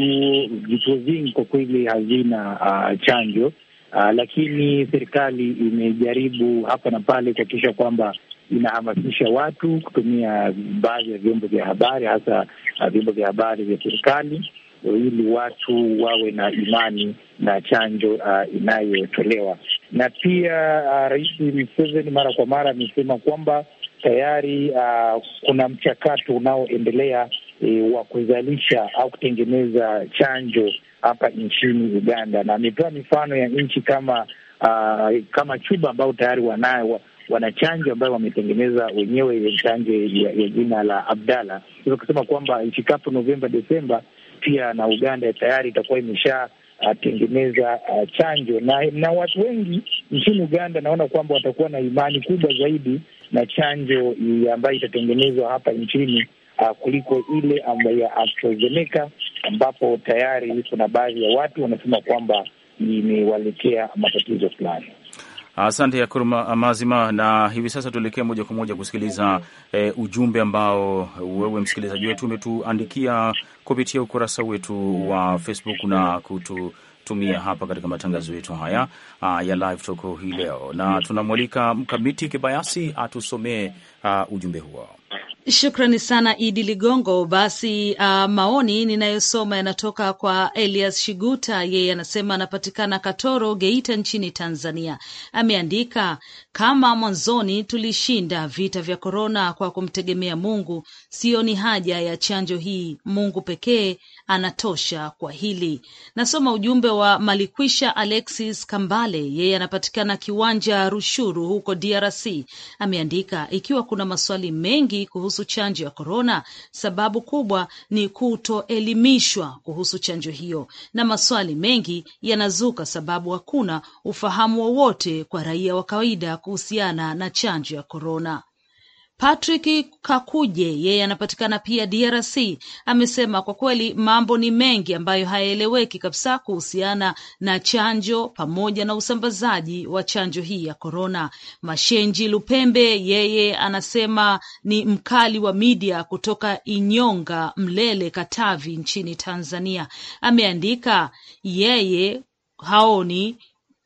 vituo vingi kwa kweli hazina uh, ah, chanjo Uh, lakini serikali imejaribu hapa na pale kuhakikisha kwamba inahamasisha watu kutumia baadhi ya vyombo vya habari hasa uh, vyombo vya habari vya serikali ili watu wawe na imani na chanjo uh, inayotolewa. Na pia uh, Rais Museveni mara kwa mara amesema kwamba tayari uh, kuna mchakato unaoendelea uh, wa kuzalisha au kutengeneza chanjo hapa nchini Uganda, na ametoa mifano ya nchi kama uh, kama Cuba ambao tayari wanayo wana chanjo ambayo wametengeneza wenyewe chanjo ya, ya jina la Abdala. Hivyo kusema kwamba ifikapo Novemba Desemba, pia na Uganda tayari itakuwa imesha atengeneza ah, uh, ah, chanjo na, na watu wengi nchini Uganda naona kwamba watakuwa na imani kubwa zaidi na chanjo ambayo itatengenezwa hapa nchini uh, kuliko ile ambayo ya AstraZeneca ambapo tayari kuna baadhi ya watu wanasema kwamba imewaletea matatizo fulani. Asante Yakuruma Mazima, na hivi sasa tuelekee moja kwa moja kusikiliza eh, ujumbe ambao wewe msikilizaji wetu umetuandikia kupitia ukurasa wetu wa Facebook na kututumia hapa katika matangazo yetu haya uh, ya live talk hii leo, na tunamwalika Mkamiti Kibayasi atusomee uh, ujumbe huo. Shukrani sana Idi Ligongo. Basi uh, maoni ninayosoma yanatoka kwa Elias Shiguta, yeye anasema anapatikana Katoro, Geita nchini Tanzania. Ameandika, kama mwanzoni tulishinda vita vya korona kwa kumtegemea Mungu, sioni haja ya chanjo hii. Mungu pekee anatosha kwa hili. Nasoma ujumbe wa Malikwisha Alexis Kambale, yeye anapatikana Kiwanja Rushuru huko DRC. Ameandika, ikiwa kuna maswali mengi kuhusu kuhusu chanjo ya korona, sababu kubwa ni kutoelimishwa kuhusu chanjo hiyo, na maswali mengi yanazuka sababu hakuna ufahamu wowote kwa raia wa kawaida kuhusiana na chanjo ya korona. Patrick Kakuje, yeye anapatikana pia DRC, amesema kwa kweli mambo ni mengi ambayo hayaeleweki kabisa kuhusiana na chanjo pamoja na usambazaji wa chanjo hii ya korona. Mashenji Lupembe, yeye anasema ni mkali wa midia kutoka Inyonga, Mlele, Katavi nchini Tanzania, ameandika yeye haoni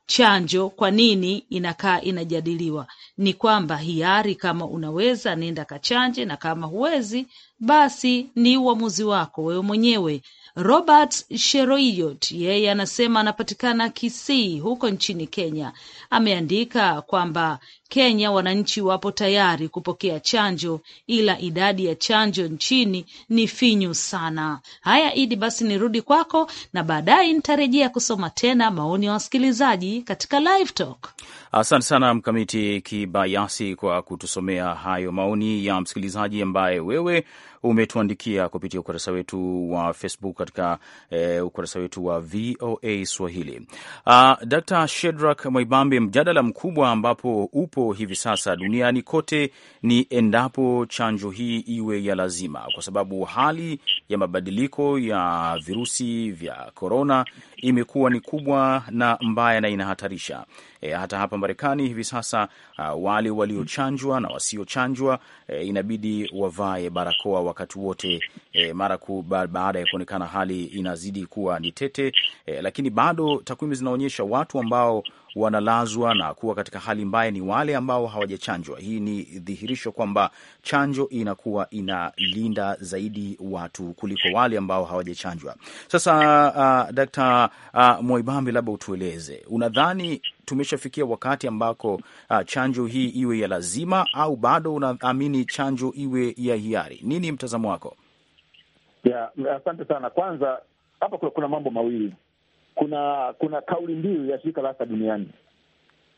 chanjo kwa nini inakaa inajadiliwa? Ni kwamba hiari, kama unaweza nenda kachanje, na kama huwezi, basi ni uamuzi wako wewe mwenyewe. Robert Sheroiyot yeye anasema anapatikana Kisii huko nchini Kenya, ameandika kwamba Kenya wananchi wapo tayari kupokea chanjo, ila idadi ya chanjo nchini ni finyu sana. Haya Idi, basi nirudi kwako na baadaye nitarejea kusoma tena maoni ya wasikilizaji katika live talk. Asante sana Mkamiti Kibayasi kwa kutusomea hayo maoni ya msikilizaji ambaye wewe umetuandikia kupitia ukurasa wetu wa Facebook katika eh, ukurasa wetu wa VOA Swahili. Uh, Dr. Shedrak Mwaibambe, mjadala mkubwa ambapo upo tulipo hivi sasa duniani kote ni endapo chanjo hii iwe ya lazima, kwa sababu hali ya mabadiliko ya virusi vya korona imekuwa ni kubwa na mbaya na inahatarisha. E, hata hapa Marekani hivi sasa uh, wale waliochanjwa na wasiochanjwa e, inabidi wavae barakoa wakati wote e, mara baada ya kuonekana hali inazidi kuwa ni tete e, lakini bado takwimu zinaonyesha watu ambao wanalazwa na kuwa katika hali mbaya ni wale ambao hawajachanjwa. Hii ni dhihirisho kwamba chanjo inakuwa inalinda zaidi watu kuliko wale ambao hawajachanjwa. Sasa uh, Dkt uh, Mwaibambi, labda utueleze, unadhani tumeshafikia wakati ambako uh, chanjo hii iwe ya lazima au bado unaamini chanjo iwe ya hiari? Nini mtazamo wako? Yeah, asante sana. Kwanza hapa kuna, kuna mambo mawili. Kuna kuna kauli mbiu ya shirika la afya duniani.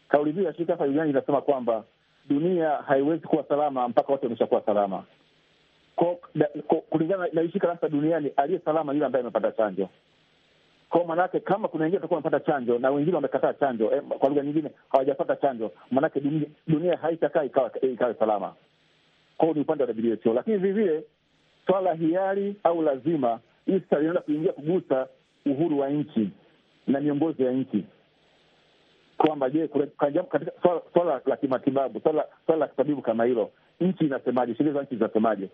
Kauli mbiu ya shirika la afya duniani inasema kwamba dunia haiwezi kuwa salama mpaka watu wameshakuwa salama. Kulingana na shirika la afya duniani, aliye salama yule ambaye amepata chanjo. Kwa maanake kama kuna wengine watakuwa wamepata chanjo na wengine wamekataa chanjo eh, kwa lugha nyingine hawajapata chanjo, maanake dunia, dunia haitakaa ikawa ikawe salama. Kwao ni upande wa WHO, lakini vilevile swala la hiari au lazima hii linaenda kuingia kugusa uhuru wa nchi na miongozo ya nchi kwamba je, katika swala la kimatibabu, swala la kitabibu kama hilo, nchi inasemaje? Sheria za nchi zinasemaje?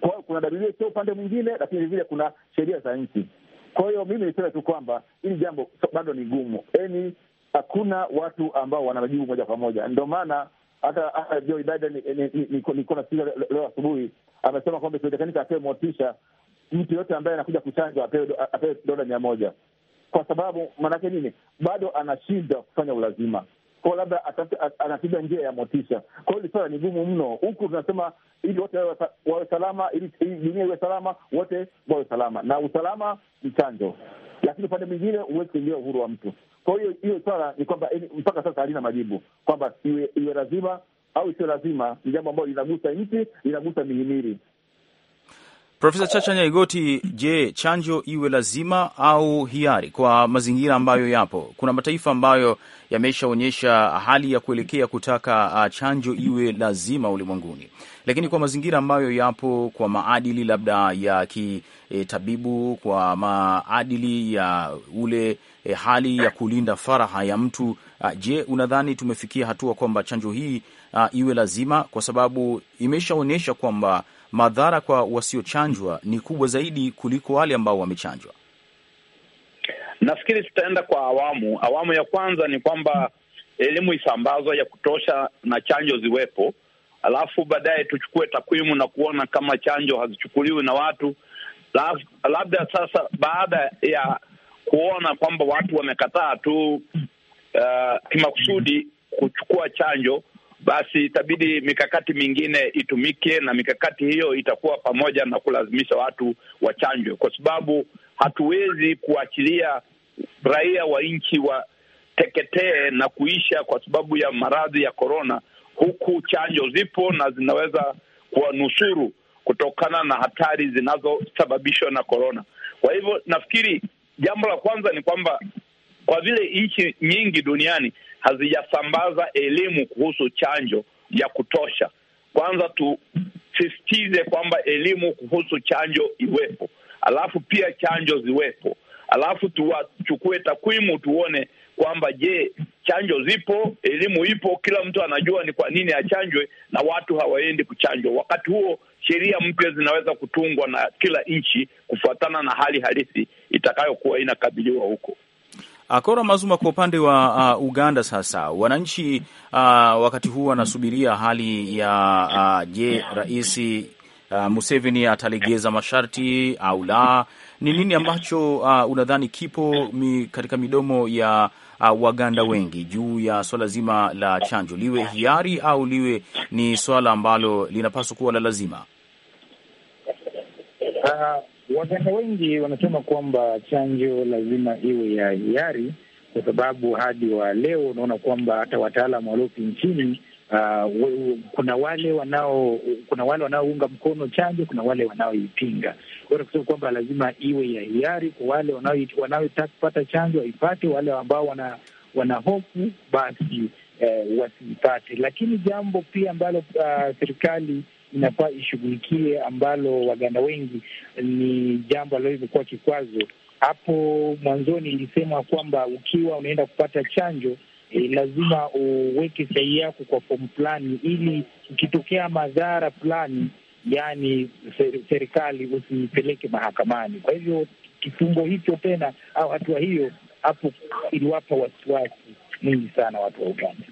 Kwa hiyo kuna WHO upande mwingine, lakini vile vile kuna sheria za nchi. Kwa hiyo mimi niseme tu kwamba hili jambo so, bado ni gumu, yaani hakuna watu ambao wana majibu moja kwa moja. Ndio maana hata hata Joe Biden niko leo asubuhi amesema kwamba ikiwezekanika apewe motisha mtu yote ambaye anakuja kuchanjwa apewe dola mia moja kwa sababu maanake nini, bado anashindwa kufanya ulazima kwao, labda anapiga njia ya motisha. Kwa hiyo hili ni gumu mno. Huku tunasema ili wote wawe salama, ili dunia iwe salama, wote wawe salama, na usalama ni chanjo, lakini upande mwingine huwezi kuingia uhuru wa mtu. Kwa hiyo hiyo swala ni kwamba mpaka sasa halina majibu kwamba iwe, iwe lazima au isiyo lazima. Ni jambo ambalo linagusa nchi, linagusa mihimili Profesa Chacha Nyaigoti, je, chanjo iwe lazima au hiari kwa mazingira ambayo yapo? Kuna mataifa ambayo yameshaonyesha hali ya kuelekea kutaka uh, chanjo iwe lazima ulimwenguni, lakini kwa mazingira ambayo yapo, kwa maadili labda ya kitabibu, kwa maadili ya ule e, hali ya kulinda faraha ya mtu a, uh, je, unadhani tumefikia hatua kwamba chanjo hii a, uh, iwe lazima, kwa sababu imeshaonyesha kwamba madhara kwa wasiochanjwa ni kubwa zaidi kuliko wale ambao wamechanjwa? Nafikiri tutaenda kwa awamu. Awamu ya kwanza ni kwamba elimu isambazwa ya kutosha na chanjo ziwepo, alafu baadaye tuchukue takwimu na kuona kama chanjo hazichukuliwi na watu la, labda sasa baada ya kuona kwamba watu wamekataa tu uh, kimakusudi kuchukua chanjo basi itabidi mikakati mingine itumike, na mikakati hiyo itakuwa pamoja na kulazimisha watu wachanjwe, kwa sababu hatuwezi kuachilia raia wa nchi wateketee na kuisha kwa sababu ya maradhi ya korona, huku chanjo zipo na zinaweza kuwanusuru kutokana na hatari zinazosababishwa na korona. Kwa hivyo nafikiri jambo la kwanza ni kwamba kwa vile nchi nyingi duniani hazijasambaza elimu kuhusu chanjo ya kutosha. Kwanza tusisitize kwamba elimu kuhusu chanjo iwepo, alafu pia chanjo ziwepo, alafu tuwachukue takwimu tuone kwamba je, chanjo zipo, elimu ipo, kila mtu anajua ni kwa nini achanjwe na watu hawaendi kuchanjwa. Wakati huo sheria mpya zinaweza kutungwa na kila nchi kufuatana na hali halisi itakayokuwa inakabiliwa huko. Akora ah, Mazuma, kwa upande wa uh, Uganda sasa wananchi uh, wakati huu wanasubiria hali ya uh, je, rais uh, Museveni atalegeza masharti au la? Ni nini ambacho uh, unadhani kipo mi, katika midomo ya uh, Waganda wengi juu ya swala zima la chanjo, liwe hiari au liwe ni swala ambalo linapaswa kuwa la lazima? waganda wengi wanasema kwamba chanjo lazima iwe ya hiari, kwa sababu hadi wa leo unaona kwamba hata wataalamu waliopi nchini uh, kuna wale wanao kuna wale wanaounga mkono chanjo, kuna wale wanaoipinga. Kusema kwamba lazima iwe ya hiari kwa wale wanaotaka kupata chanjo waipate, wale ambao wana wana hofu basi eh, wasiipate. Lakini jambo pia ambalo uh, serikali inafaa ishughulikie, ambalo Waganda wengi ni jambo alilokuwa limekuwa kikwazo. Hapo mwanzoni ilisema kwamba ukiwa unaenda kupata chanjo eh, lazima uweke sahihi yako kwa fomu fulani, ili ukitokea madhara fulani, yani serikali usipeleke mahakamani. Kwa hivyo kifungo hicho tena au hatua hiyo hapo iliwapa wasiwasi mwingi sana watu wa Uganda.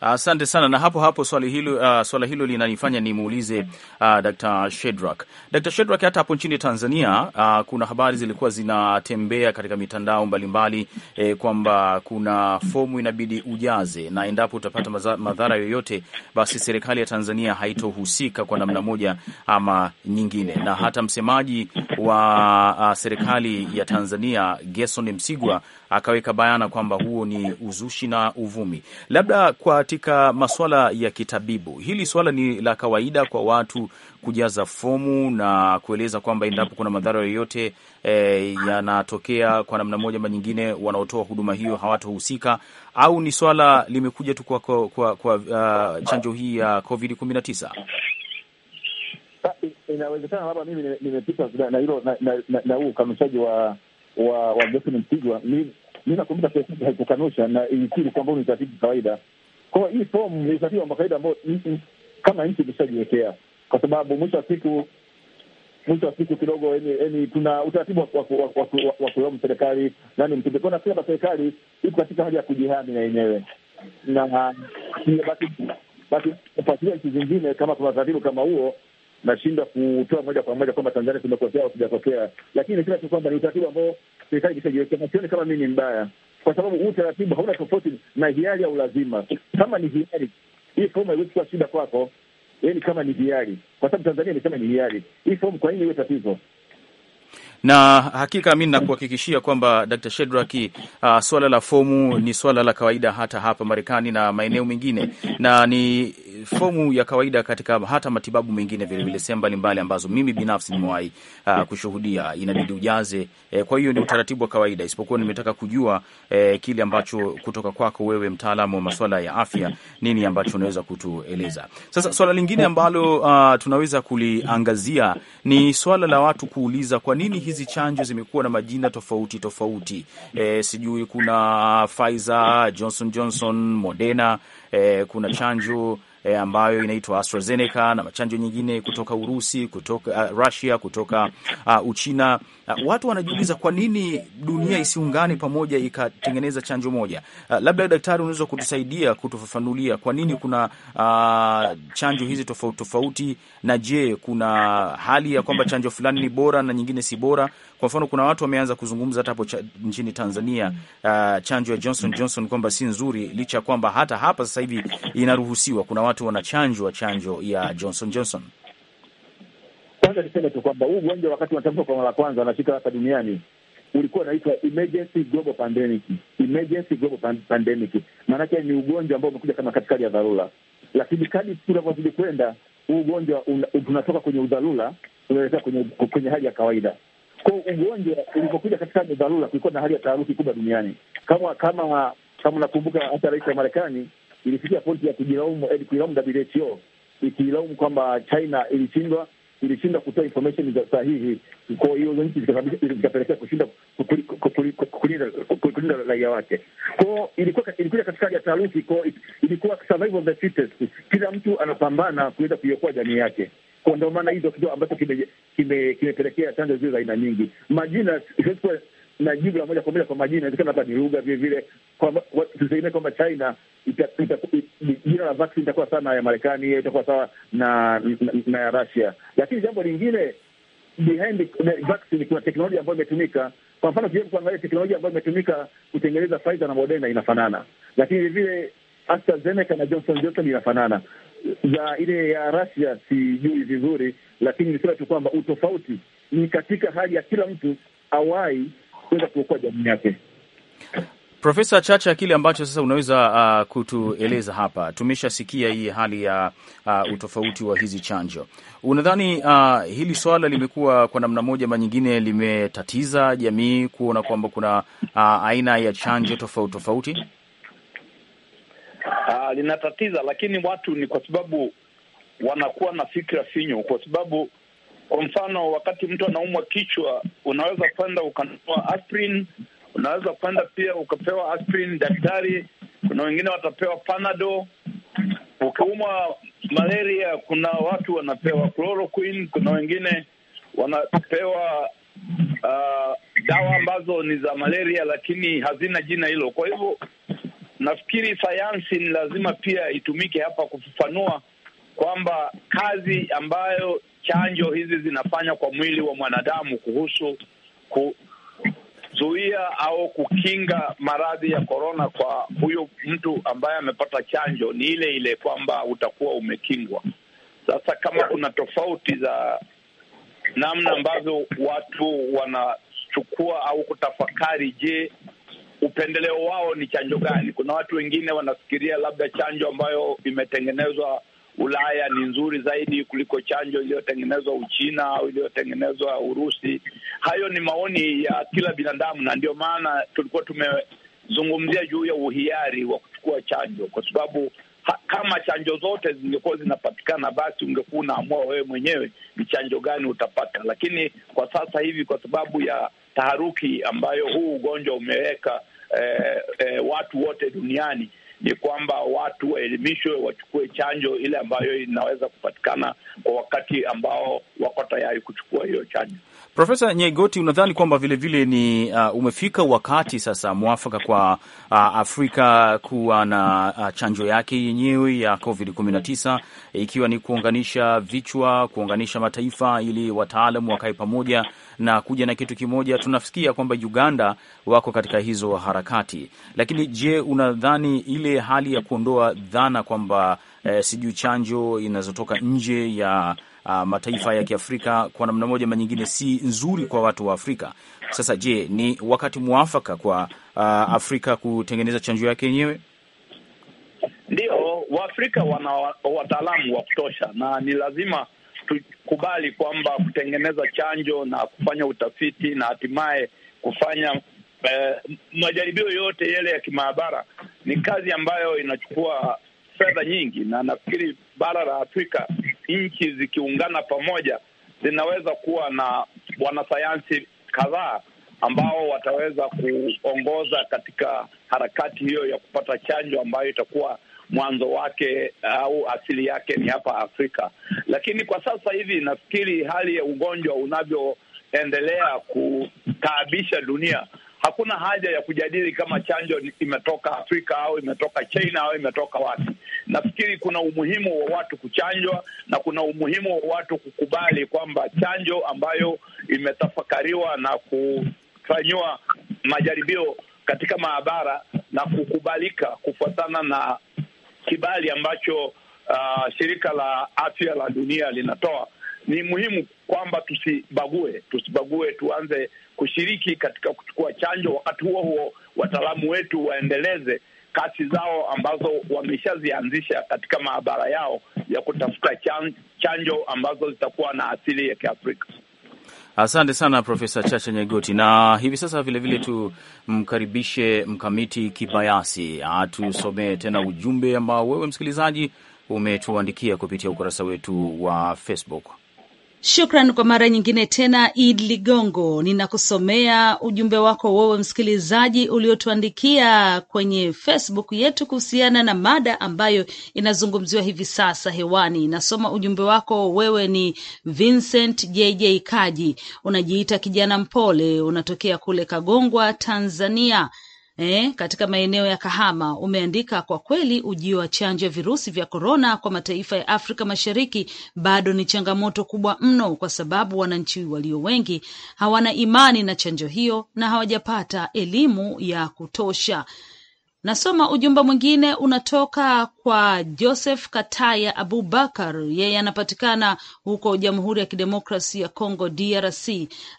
Asante uh, sana na hapo hapo swali hilo, uh, swala hilo linanifanya nimuulize uh, Dr. Shedrak. Dr. Shedrak, hata hapo nchini Tanzania uh, kuna habari zilikuwa zinatembea katika mitandao mbalimbali eh, kwamba kuna fomu inabidi ujaze na endapo utapata madhara yoyote, basi serikali ya Tanzania haitohusika kwa namna moja ama nyingine, na hata msemaji wa uh, serikali ya Tanzania Gerson Msigwa akaweka bayana kwamba huo ni uzushi na uvumi, labda kwa katika masuala ya kitabibu, hili swala ni la kawaida kwa watu kujaza fomu na kueleza kwamba endapo kuna madhara yoyote e, yanatokea kwa namna moja ama nyingine, wanaotoa huduma hiyo hawatohusika, au ni swala limekuja tu kwa, kwa, kwa, kwa uh, chanjo hii ya COVID 19? Inawezekana labda mimi nimepita na hilo na huu ukanushaji wa wa Mpigwa. Mi nakumbuka serikali haikukanusha na ilikiri kwamba huu ni utaratibu kawaida kwa hiyo hii fomu ni usafiri wa makawaida ambao nchi kama nchi imeshajiwekea, kwa sababu mwisho wa siku mwisho wa siku kidogo, yaani tuna utaratibu wa kulaumu serikali nani mtupe. Kwa nafikiri serikali iko katika hali ya kujihami na yenyewe, na basi basi kufuatilia nchi zingine kama kuna utaratibu kama huo nashindwa kutoa moja kwa moja kwamba Tanzania tumekosea au sijatokea, lakini kila tu kwamba ni utaratibu ambao serikali ikishajiwekea, na sioni kama mi ni mbaya kwa sababu huu utaratibu hauna tofauti na hiari au lazima. Kama ni hiari, hii fomu haiwezi kuwa shida kwako, yaani kama ni hiari, kwa sababu Tanzania imesema ni hiari hii fomu. Kwa nini iwe tatizo? na hakika mi nakuhakikishia kwamba Dr. Shedraki, uh, swala la fomu ni swala la kawaida hata hapa Marekani na maeneo mengine, na ni fomu ya kawaida katika hata matibabu mengine vilevile, sehemu mbalimbali ambazo mimi binafsi nimewahi uh, kushuhudia inabidi ujaze eh, kwa hiyo ni utaratibu wa kawaida, isipokuwa nimetaka kujua eh, kile ambacho kutoka kwako wewe mtaalamu wa masuala ya afya, nini ambacho unaweza kutueleza. Sasa swala lingine ambalo uh, tunaweza kuliangazia ni swala la watu kuuliza kwa nini hizi chanjo zimekuwa na majina tofauti tofauti, eh, sijui kuna Pfizer, Johnson Johnson, Moderna, eh, kuna chanjo e, ambayo inaitwa AstraZeneca na machanjo nyingine kutoka Urusi, kutoka uh, Russia, kutoka uh, Uchina. Uh, watu wanajiuliza kwa nini dunia isiungane pamoja ikatengeneza chanjo moja. Uh, labda daktari, unaweza kutusaidia kutufafanulia kwa nini kuna uh, chanjo hizi tofauti tofauti, na je, kuna hali ya kwamba chanjo fulani ni bora na nyingine si bora? Kwa mfano, kuna watu wameanza kuzungumza hata hapo cha, nchini Tanzania uh, chanjo ya Johnson Johnson kwamba si nzuri, licha ya kwamba hata hapa sasa hivi inaruhusiwa. Kuna watu wanachanjwa chanjo ya Johnson Johnson. Kwanza niseme tu kwamba huu ugonjwa wakati unatambua kwa mara kwanza anashika hapa duniani ulikuwa unaitwa emergency global pandemic, emergency global pandemic. Maanake ni ugonjwa ambao umekuja kama katika hali ya dharura, lakini kadri tunavyozidi kwenda huu ugonjwa tunatoka kwenye udharura unaelekea kwenye, kwenye hali ya kawaida. Kwa ugonjwa ulipokuja katika ni dharura, kulikuwa na hali ya taharuki kubwa duniani. Kama kama kama nakumbuka, hata rais wa Marekani ilifikia pointi ya kujilaumu, eh, kuilaumu WHO ikilaumu kwamba China ilishindwa ilishindwa kutoa information za sahihi, kwa hiyo hizo nchi zikapelekea kushinda kulinda raia wake. Kwao ilikuwa ilikuja katika hali ya taharuki, kwa ilikuwa survival of the fittest, kila mtu anapambana kuweza kuiokoa jamii yake kwa Ndio maana hizo kitu ambacho kimepelekea chanjo zile za aina nyingi. Majina siwezi kuwa na jibu la moja kwa moja kwa majina, inawezekana hapa ni lugha vile vile. Tusitegemee kwamba China jina la vaccine itakuwa sawa na ya Marekani, itakuwa sawa na na ya Russia. Lakini jambo lingine behind vaccine, kuna teknolojia ambayo imetumika. Kwa mfano, tujaribu kuangalia teknolojia ambayo imetumika kutengeneza Pfizer na Moderna inafanana, lakini vile vile AstraZeneca na Johnson Johnson inafanana za ile ya Russia sijui vizuri, lakini nisema tu kwamba utofauti ni katika hali ya kila mtu awai kuweza kuokoa jamii yake. Profesa Chacha, kile ambacho sasa unaweza uh, kutueleza hapa, tumeshasikia hii hali ya uh, utofauti wa hizi chanjo. Unadhani uh, hili swala limekuwa kwa namna moja ama nyingine limetatiza jamii kuona kwamba kuna uh, aina ya chanjo tofauti tofauti? uh, ah, linatatiza, lakini watu ni kwa sababu wanakuwa na fikra finyu, kwa sababu kwa mfano, wakati mtu anaumwa kichwa, unaweza kwenda ukanunua aspirin, unaweza kwenda pia ukapewa aspirin daktari. Kuna wengine watapewa panado. Ukiumwa malaria, kuna watu wanapewa chloroquine, kuna wengine wanapewa uh, dawa ambazo ni za malaria lakini hazina jina hilo. Kwa hivyo Nafikiri sayansi ni lazima pia itumike hapa kufafanua kwamba kazi ambayo chanjo hizi zinafanya kwa mwili wa mwanadamu kuhusu kuzuia au kukinga maradhi ya korona kwa huyo mtu ambaye amepata chanjo ni ile ile, kwamba utakuwa umekingwa. Sasa kama kuna tofauti za namna ambavyo watu wanachukua au kutafakari, je, upendeleo wao ni chanjo gani. Kuna watu wengine wanafikiria labda chanjo ambayo imetengenezwa Ulaya ni nzuri zaidi kuliko chanjo iliyotengenezwa Uchina au iliyotengenezwa Urusi. Hayo ni maoni ya kila binadamu, na ndio maana tulikuwa tumezungumzia juu ya uhiari wa kuchukua chanjo, kwa sababu ha kama chanjo zote zingekuwa zinapatikana, basi ungekuwa unaamua wewe mwenyewe ni chanjo gani utapata. Lakini kwa sasa hivi, kwa sababu ya taharuki ambayo huu ugonjwa umeweka eh, eh, watu wote duniani ni kwamba watu waelimishwe, wachukue chanjo ile ambayo inaweza kupatikana kwa wakati ambao wako tayari kuchukua hiyo chanjo. Profesa Nyaigoti, unadhani kwamba vilevile ni uh, umefika wakati sasa mwafaka kwa uh, Afrika kuwa na uh, chanjo yake yenyewe ya Covid 19 ikiwa ni kuunganisha vichwa, kuunganisha mataifa ili wataalamu wakae pamoja na kuja na kitu kimoja. Tunafikia kwamba Uganda wako katika hizo harakati, lakini je, unadhani ile hali ya kuondoa dhana kwamba eh, sijui chanjo inazotoka nje ya uh, mataifa ya Kiafrika kwa namna moja manyingine si nzuri kwa watu wa Afrika. Sasa je, ni wakati mwafaka kwa uh, Afrika kutengeneza chanjo yake yenyewe? Ndio, Waafrika wana wataalamu wa kutosha na ni lazima tukubali kwamba kutengeneza chanjo na kufanya utafiti na hatimaye kufanya eh, majaribio yote yale ya kimaabara ni kazi ambayo inachukua fedha nyingi, na nafikiri bara la Afrika nchi zikiungana pamoja zinaweza kuwa na wanasayansi kadhaa ambao wataweza kuongoza katika harakati hiyo ya kupata chanjo ambayo itakuwa mwanzo wake au asili yake ni hapa Afrika. Lakini kwa sasa hivi nafikiri hali ya ugonjwa unavyoendelea kutaabisha dunia, hakuna haja ya kujadili kama chanjo imetoka Afrika au imetoka China au imetoka wapi. Nafikiri kuna umuhimu wa watu kuchanjwa na kuna umuhimu wa watu kukubali kwamba chanjo ambayo imetafakariwa na kufanyiwa majaribio katika maabara na kukubalika kufuatana na kibali ambacho uh, shirika la afya la dunia linatoa ni muhimu kwamba tusibague, tusibague, tuanze kushiriki katika kuchukua chanjo. Wakati huo huo, wataalamu wetu waendeleze kasi zao ambazo wameshazianzisha katika maabara yao ya kutafuta chan, chanjo ambazo zitakuwa na asili ya Kiafrika. Asante sana Profesa Chacha Nyegoti. Na hivi sasa vilevile tumkaribishe Mkamiti Kibayasi atusomee tena ujumbe ambao wewe msikilizaji umetuandikia kupitia ukurasa wetu wa Facebook. Shukran kwa mara nyingine tena, Id Ligongo. Ninakusomea ujumbe wako wewe msikilizaji uliotuandikia kwenye Facebook yetu kuhusiana na mada ambayo inazungumziwa hivi sasa hewani. Nasoma ujumbe wako wewe, ni Vincent JJ Kaji, unajiita kijana mpole, unatokea kule Kagongwa, Tanzania eh, katika maeneo ya Kahama umeandika kwa kweli, ujio wa chanjo ya virusi vya korona kwa mataifa ya Afrika Mashariki bado ni changamoto kubwa mno, kwa sababu wananchi walio wengi hawana imani na chanjo hiyo na hawajapata elimu ya kutosha. Nasoma ujumbe mwingine unatoka kwa Joseph Kataya Abubakar, yeye anapatikana huko Jamhuri ya Kidemokrasi ya congo DRC,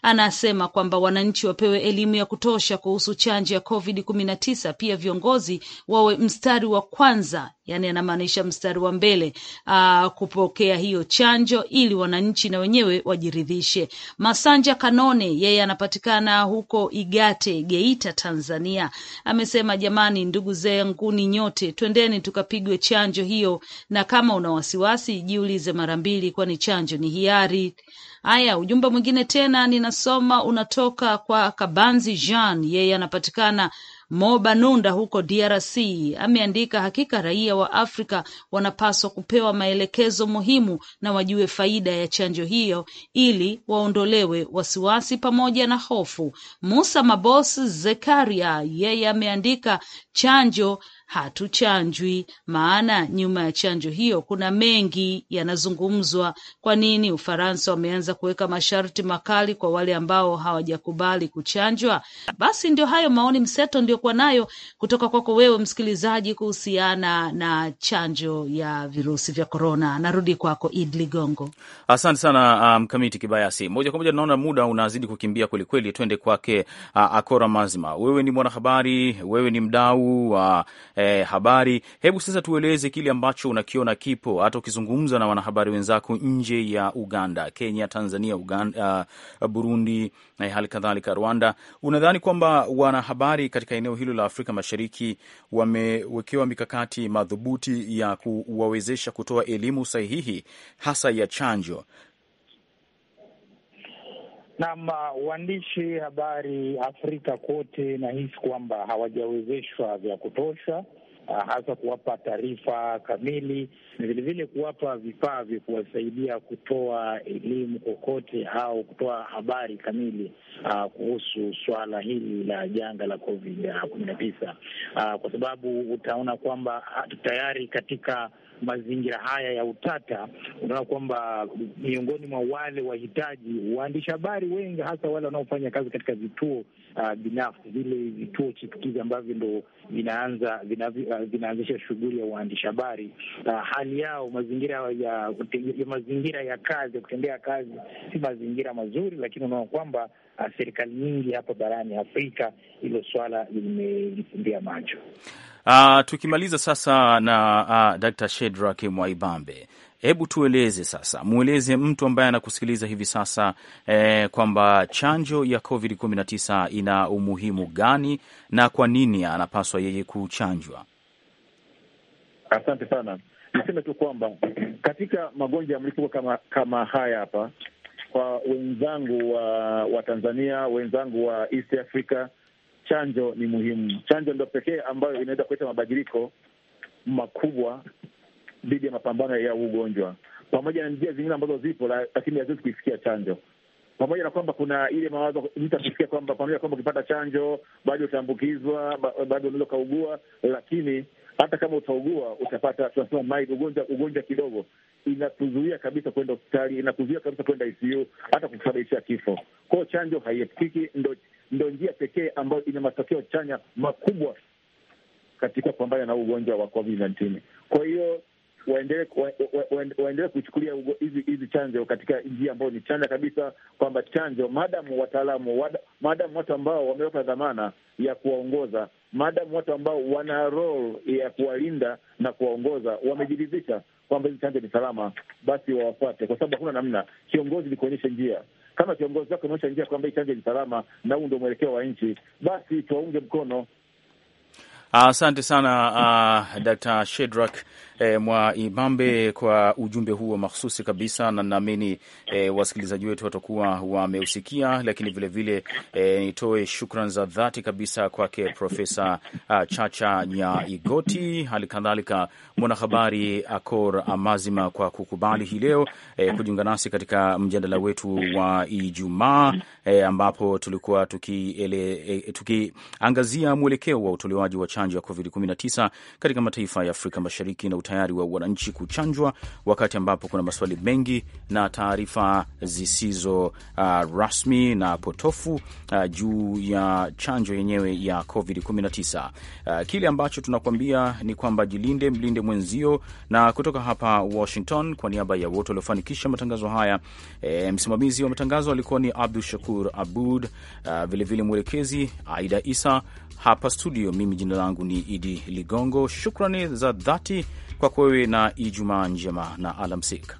anasema kwamba wananchi wapewe elimu ya kutosha kuhusu chanjo ya Covid 19. Pia viongozi wawe mstari wa kwanza, yani anamaanisha mstari wa mbele, aa, ah, kupokea hiyo chanjo ili wananchi na wenyewe wajiridhishe. Masanja Kanone, yeye anapatikana huko Igate, Geita, Tanzania, amesema jamani, ndugu zanguni nyote, twendeni tukapigwe chanjo hiyo, na kama una wasiwasi jiulize mara mbili, kwani chanjo ni hiari. Haya, ujumbe mwingine tena ninasoma unatoka kwa Kabanzi Jean, yeye anapatikana Mobanunda huko DRC ameandika, hakika raia wa Afrika wanapaswa kupewa maelekezo muhimu na wajue faida ya chanjo hiyo ili waondolewe wasiwasi pamoja na hofu. Musa Mabos Zekaria yeye ameandika chanjo hatuchanjwi, maana nyuma ya chanjo hiyo kuna mengi yanazungumzwa. Kwa nini Ufaransa wameanza kuweka masharti makali kwa wale ambao hawajakubali kuchanjwa? Basi ndio hayo maoni mseto ndiyokuwa nayo kutoka kwako wewe msikilizaji, kuhusiana na chanjo ya virusi vya korona. Narudi kwako Id Ligongo. Asante sana uh, Mkamiti um, Kibayasi. Moja kwa moja tunaona muda unazidi kukimbia kwelikweli, twende kwake uh, Akora Mazima. Wewe ni mwanahabari, wewe ni mdau wa uh, eh, habari. Hebu sasa tueleze kile ambacho unakiona kipo, hata ukizungumza na wanahabari wenzako nje ya Uganda, Kenya, Tanzania, Uganda, uh, Burundi na eh, hali kadhalika Rwanda, unadhani kwamba wanahabari katika eneo hilo la Afrika Mashariki wamewekewa mikakati madhubuti ya kuwawezesha kutoa elimu sahihi hasa ya chanjo Naam, waandishi habari Afrika kote nahisi kwamba hawajawezeshwa vya kutosha, ah, hasa kuwapa taarifa kamili na vilevile kuwapa vifaa vya kuwasaidia kutoa elimu kokote au kutoa habari kamili uh, kuhusu suala hili la janga la COVID kumi na tisa, uh, kwa sababu utaona kwamba tayari katika mazingira haya ya utata, unaona kwamba miongoni mwa wale wahitaji waandishi habari wengi, hasa wale wanaofanya kazi katika vituo uh, binafsi, vile vituo chipukizi ambavyo ndo vinaanza vina, uh, shughuli ya waandishi habari uh, hali yao mazingira ya, ya mazingira ya kazi ya kutendea kazi si mazingira mazuri, lakini unaona kwamba uh, serikali nyingi hapa barani Afrika hilo swala limefumbia macho. Uh, tukimaliza sasa na uh, Dr. Shedrack Mwaibambe, hebu tueleze sasa, mweleze mtu ambaye anakusikiliza hivi sasa eh, kwamba chanjo ya COVID 19 ina umuhimu gani na kwa nini anapaswa yeye kuchanjwa? Asante sana. Niseme tu kwamba katika magonjwa ya mlipuko kama kama haya hapa, kwa wenzangu wa, wa Tanzania, wenzangu wa East Africa chanjo ni muhimu. Chanjo ndo pekee ambayo inaweza kuleta mabadiliko makubwa dhidi ya mapambano ya ugonjwa, pamoja na njia zingine ambazo zipo, lakini haziwezi kuifikia chanjo. Pamoja na kwamba kuna ile mawazo mtu akisikia kwamba pamoja na kwamba ukipata chanjo bado utaambukizwa, bado unaweza ukaugua, lakini hata kama utaugua utapata tunasema mild ugonjwa, ugonjwa kidogo inakuzuia kabisa kwenda hospitali, inakuzuia kabisa kwenda ICU, hata kusababisha kifo. Kwao chanjo haiepukiki, ndo ndo njia pekee ambayo ina matokeo chanya makubwa katika kupambana na ugonjwa wa covid Kwa hiyo waendelee wa, wa, kuchukulia hizi chanjo katika njia ambayo ni chanya kabisa, kwamba chanjo maadamu wataalamu wada, maadamu watu ambao wameweka dhamana ya kuwaongoza, maadamu watu ambao wana role ya kuwalinda na kuwaongoza wamejiridhisha kwamba hizi chanjo ni salama, basi wawafuate, kwa sababu hakuna namna. Kiongozi ni kuonyesha njia, kama viongozi wake wameonyesha kwamba hii chanjo ni salama na huu ndio mwelekeo wa nchi, basi tuwaunge mkono. Asante uh, sana uh, Dr. Shedrack eh, mwa Ibambe kwa ujumbe huo mahususi kabisa, na naamini eh, wasikilizaji wetu watakuwa wameusikia, lakini vilevile eh, nitoe shukran za dhati kabisa kwake Profesa uh, Chacha Nyaigoti, hali kadhalika mwanahabari Akor Amazima kwa kukubali hii leo eh, kujiunga nasi katika mjadala wetu wa Ijumaa eh, ambapo tulikuwa e, tukiangazia eh, tuki mwelekeo wa utolewaji wa chanjo ya COVID-19 katika mataifa ya Afrika Mashariki na utayari wa wananchi kuchanjwa, wakati ambapo kuna maswali mengi na taarifa zisizo uh, rasmi na potofu uh, juu ya chanjo yenyewe ya COVID-19. Uh, kile ambacho tunakuambia ni kwamba jilinde, mlinde mwenzio. Na kutoka hapa Washington, kwa niaba ya wote waliofanikisha matangazo haya, e, msimamizi wa matangazo alikuwa ni Abdu Shakur Abud, vilevile uh, vile mwelekezi Aida Isa hapa studio. Mimi jina langu ni Idi Ligongo. Shukrani za dhati Kwako wewe na Ijumaa njema na alamsika.